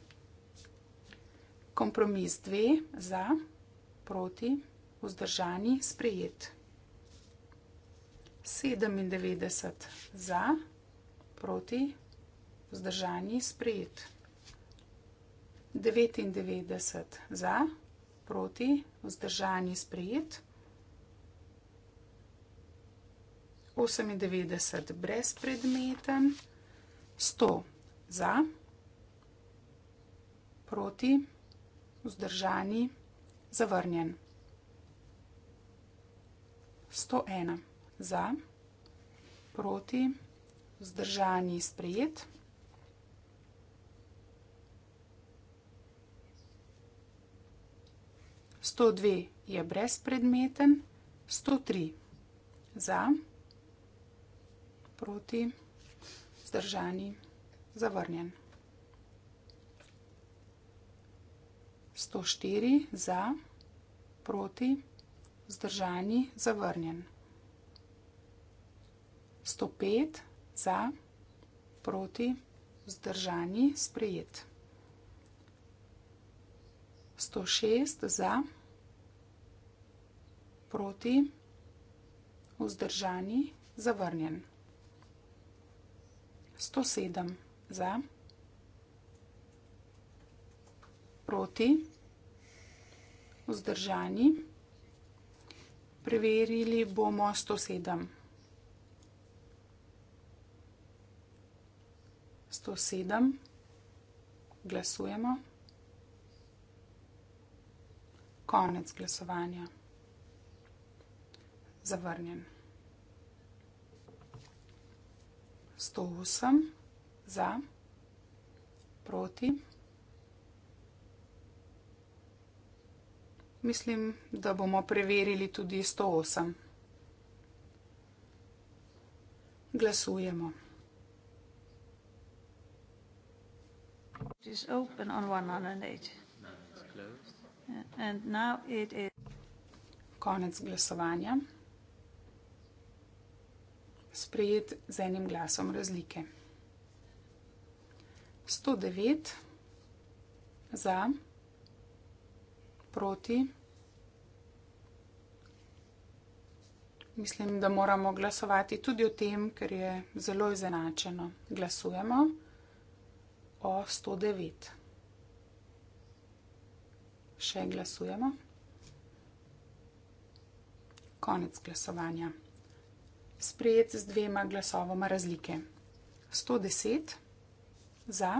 Kompromis 2 za, proti, vzdržani, sprejet. 97 za, proti, vzdržani, sprejet. 99 za, proti, vzdržani, sprejet. 98 brezpredmeten, 100 za, proti, vzdržani, zavrnjen. 101 za, proti, vzdržani, sprejet. Sto dve je brezpredmeten, sto tri za, proti, vzdržani, zavrnjen. Sto štiri za, proti, vzdržani, zavrnjen. 105 za, proti, vzdržani, sprejet. 106 za, proti, vzdržani, zavrnjen. 107 za, proti, vzdržani, preverili bomo 107 za. 107, glasujemo. Konec glasovanja. Zavrnjen. 108 za, proti. Mislim, da bomo preverili tudi 108. Glasujemo. It is open on 108. And now it is... Konec glasovanja. Sprejet z enim glasom razlike. 109 za, proti. Mislim, da moramo glasovati tudi o tem, ker je zelo izenačeno. Glasujemo. Glasujemo. O 109. Še glasujemo. Konec glasovanja. Sprejet z dvema glasovoma razlike. 110 za,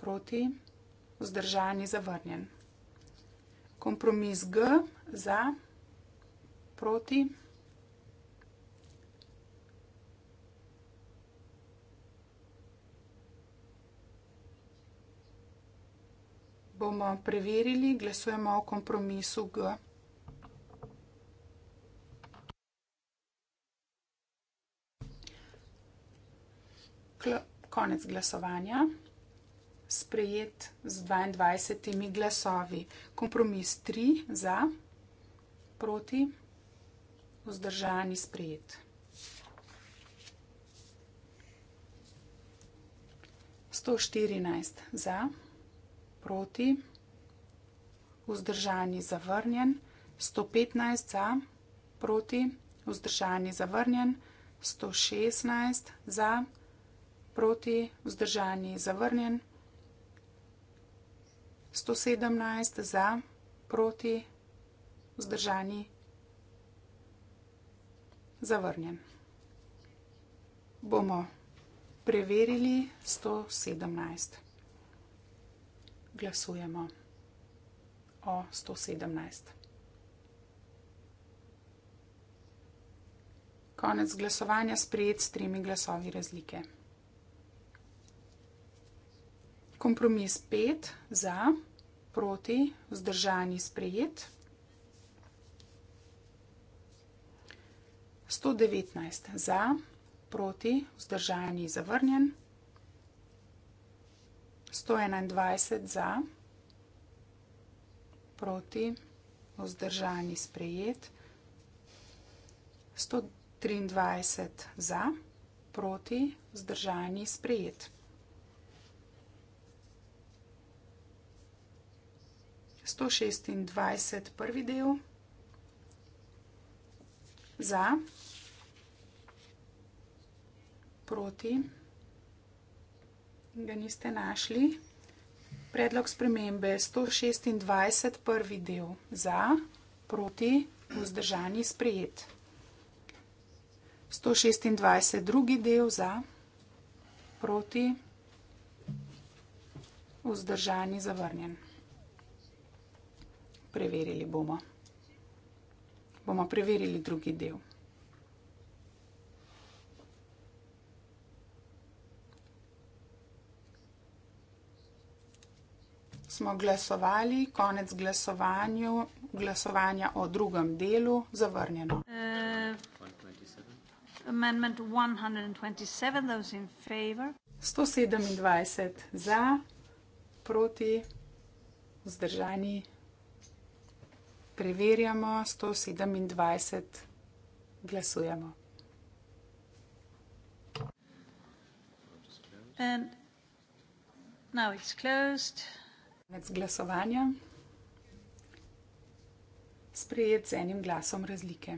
proti, vzdržani, zavrnjen. Kompromis G za, proti, vzdržani. bomo preverili, glasujemo o kompromisu G. Konec glasovanja. Sprejet z 22 glasovi. Kompromis 3 za, proti, vzdržani sprejet. 114 za proti, vzdržani zavrnjen, 115 za, proti, vzdržani zavrnjen, 116 za, proti, vzdržani zavrnjen, 117 za, proti, vzdržani zavrnjen. Bomo preverili 117 glasujemo o 117. Konec glasovanja sprejet s tremi glasovi razlike. Kompromis 5 za, proti, vzdržani sprejet. 119 za, proti, vzdržani zavrnjen. 121 za, proti, vzdržani, sprejet. 123 za, proti, vzdržani, sprejet. Sto šestindvajset prvi del za proti ga niste našli. Predlog spremembe 126, prvi del za, proti, vzdržani, sprejet. 126, drugi del za, proti, vzdržani, zavrnjen. Preverili bomo. Bomo preverili drugi del. smo glasovali, konec glasovanju, glasovanja o drugem delu, zavrnjeno. Uh, eh, 127 za, proti, vzdržani. Preverjamo 127, glasujemo. And now it's closed. Med glasovanjem sprejet z enim glasom razlike.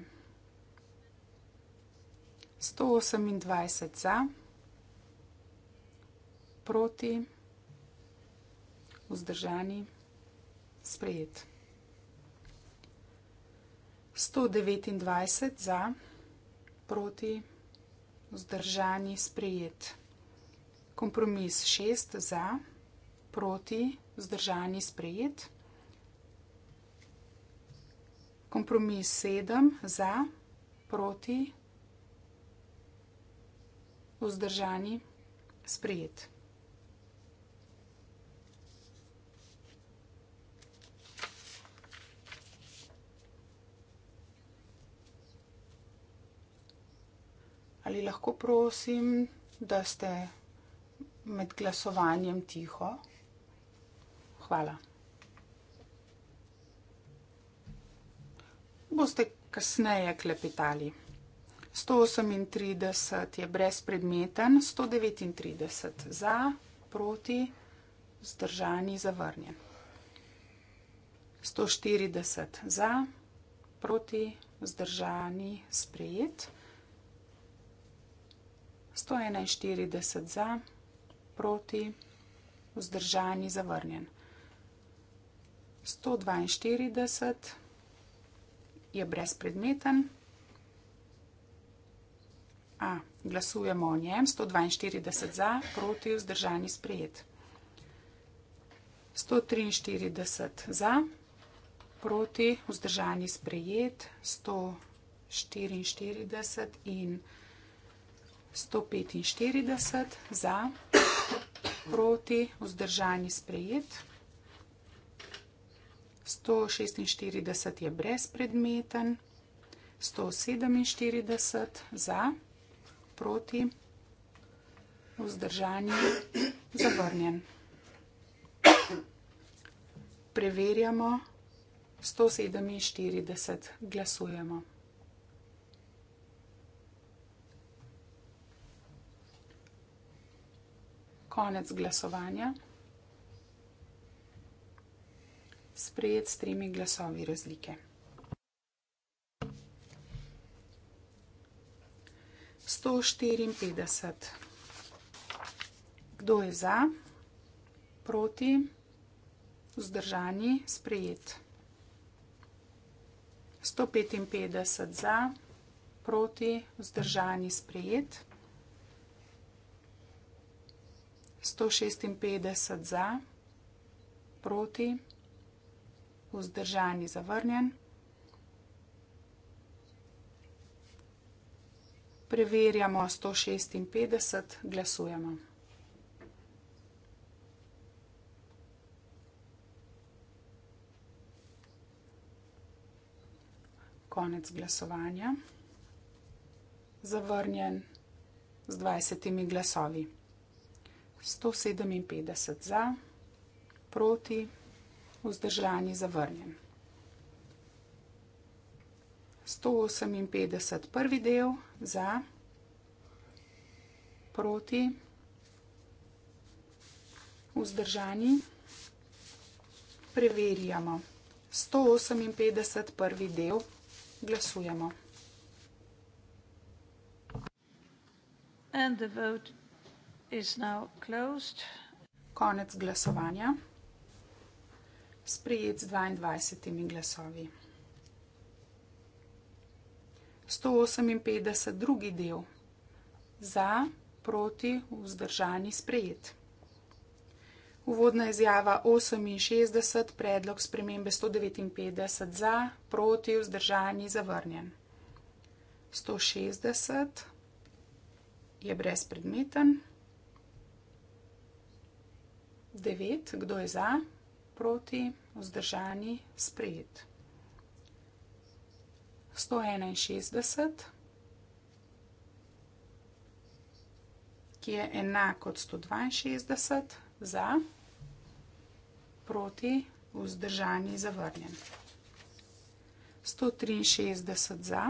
128 za, proti, vzdržani, sprejet. 129 za, proti, vzdržani, sprejet. Kompromis 6 za, proti, vzdržani zdržani sprejet. Kompromis sedem za, proti, vzdržani sprejet. Ali lahko prosim, da ste med glasovanjem tiho? Hvala. Boste kasneje klepetali. 138 je brezpredmeten, 139 za, proti, zdržani, zavrnjen. 140 za, proti, zdržani, sprejet. 141 za, proti, zdržani, zavrnjen. 142 je brezpredmeten. A, glasujemo o njem. 142 za, proti, vzdržani sprejet. 143 za, proti, vzdržani sprejet. 144 in 145 za, proti, vzdržani sprejet. 146 je brezpredmeten, 147 za, proti, vzdržanje, zavrnjen. Preverjamo, 147 glasujemo. Konec glasovanja. sprejet s tremi glasovi razlike. Sto štiriinpetdeset. Kdo je za? Proti? Vzdržani? Sprejet. Sto petinpetdeset za, proti, vzdržani, sprejet. Sto šestinpetdeset za, proti, vzdržani vzdržan je zavrnjen. Preverjamo 156, glasujemo. Konec glasovanja. Zavrnjen z 20 glasovi. 157 za, proti 15 vzdržani zavrnjen. 158 prvi del za, proti, vzdržani, preverjamo. 158 prvi del, glasujemo. And the vote is now closed. Konec glasovanja sprejet z 22 glasovi. 158. drugi del. Za, proti, vzdržani, sprejet. Uvodna izjava 68, predlog spremembe 159 za, proti, vzdržani, zavrnjen. 160 je brezpredmeten. 9, kdo je za? proti, vzdržani, sprejet. 161, ki je enak od 162, za, proti, vzdržani, zavrnjen. 163 za,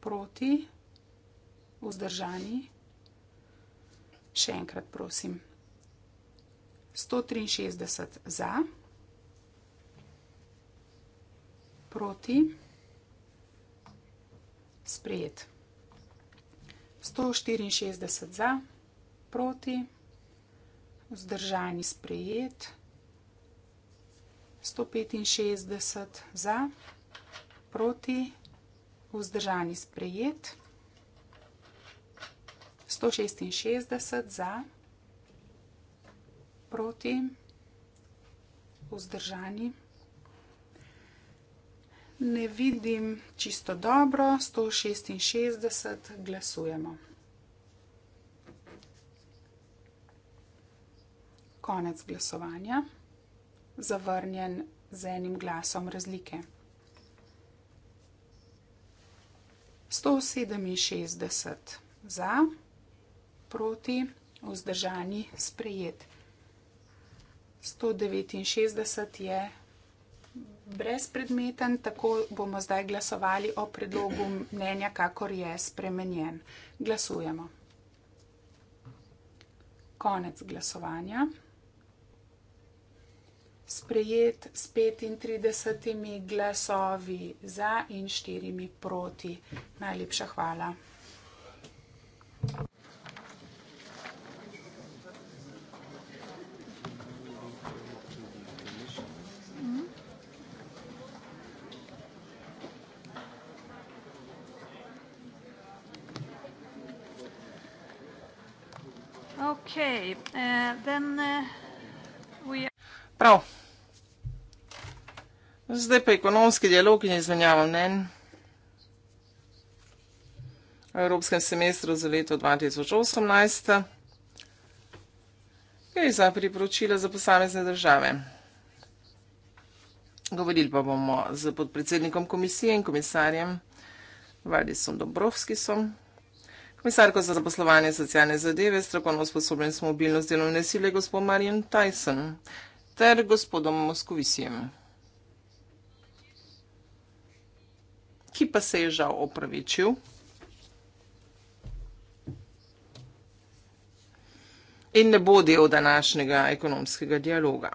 proti, vzdržani, še enkrat prosim. 163 za, proti, vzdržani, zavrnjen. proti, sprejet. 164 za, proti, vzdržani sprejet. 165 za, proti, vzdržani sprejet. 166 za, proti, vzdržani sprejet ne vidim čisto dobro, 166 glasujemo. Konec glasovanja, zavrnjen z enim glasom razlike. 167 za, proti, vzdržani, sprejet. 169 je brezpredmeten, tako bomo zdaj glasovali o predlogu mnenja, kakor je spremenjen. Glasujemo. Konec glasovanja. Sprejet s 35 glasovi za in 4 proti. Najlepša hvala. Okay, uh, then, uh, we... Prav. Zdaj pa ekonomski dialog in izmenjava mnen v Evropskem semestru za leto 2018. Gre za priporočila za posamezne države. Govorili pa bomo z podpredsednikom komisije in komisarjem Valdisom Dobrovskisom. Komisarko za zaposlovanje socialne zadeve, strokovno sposoben s mobilnost delovne sile, gospod Marjan Tyson, ter gospodom Moskovisijem, ki pa se je žal opravičil. In ne bo del današnjega ekonomskega dialoga.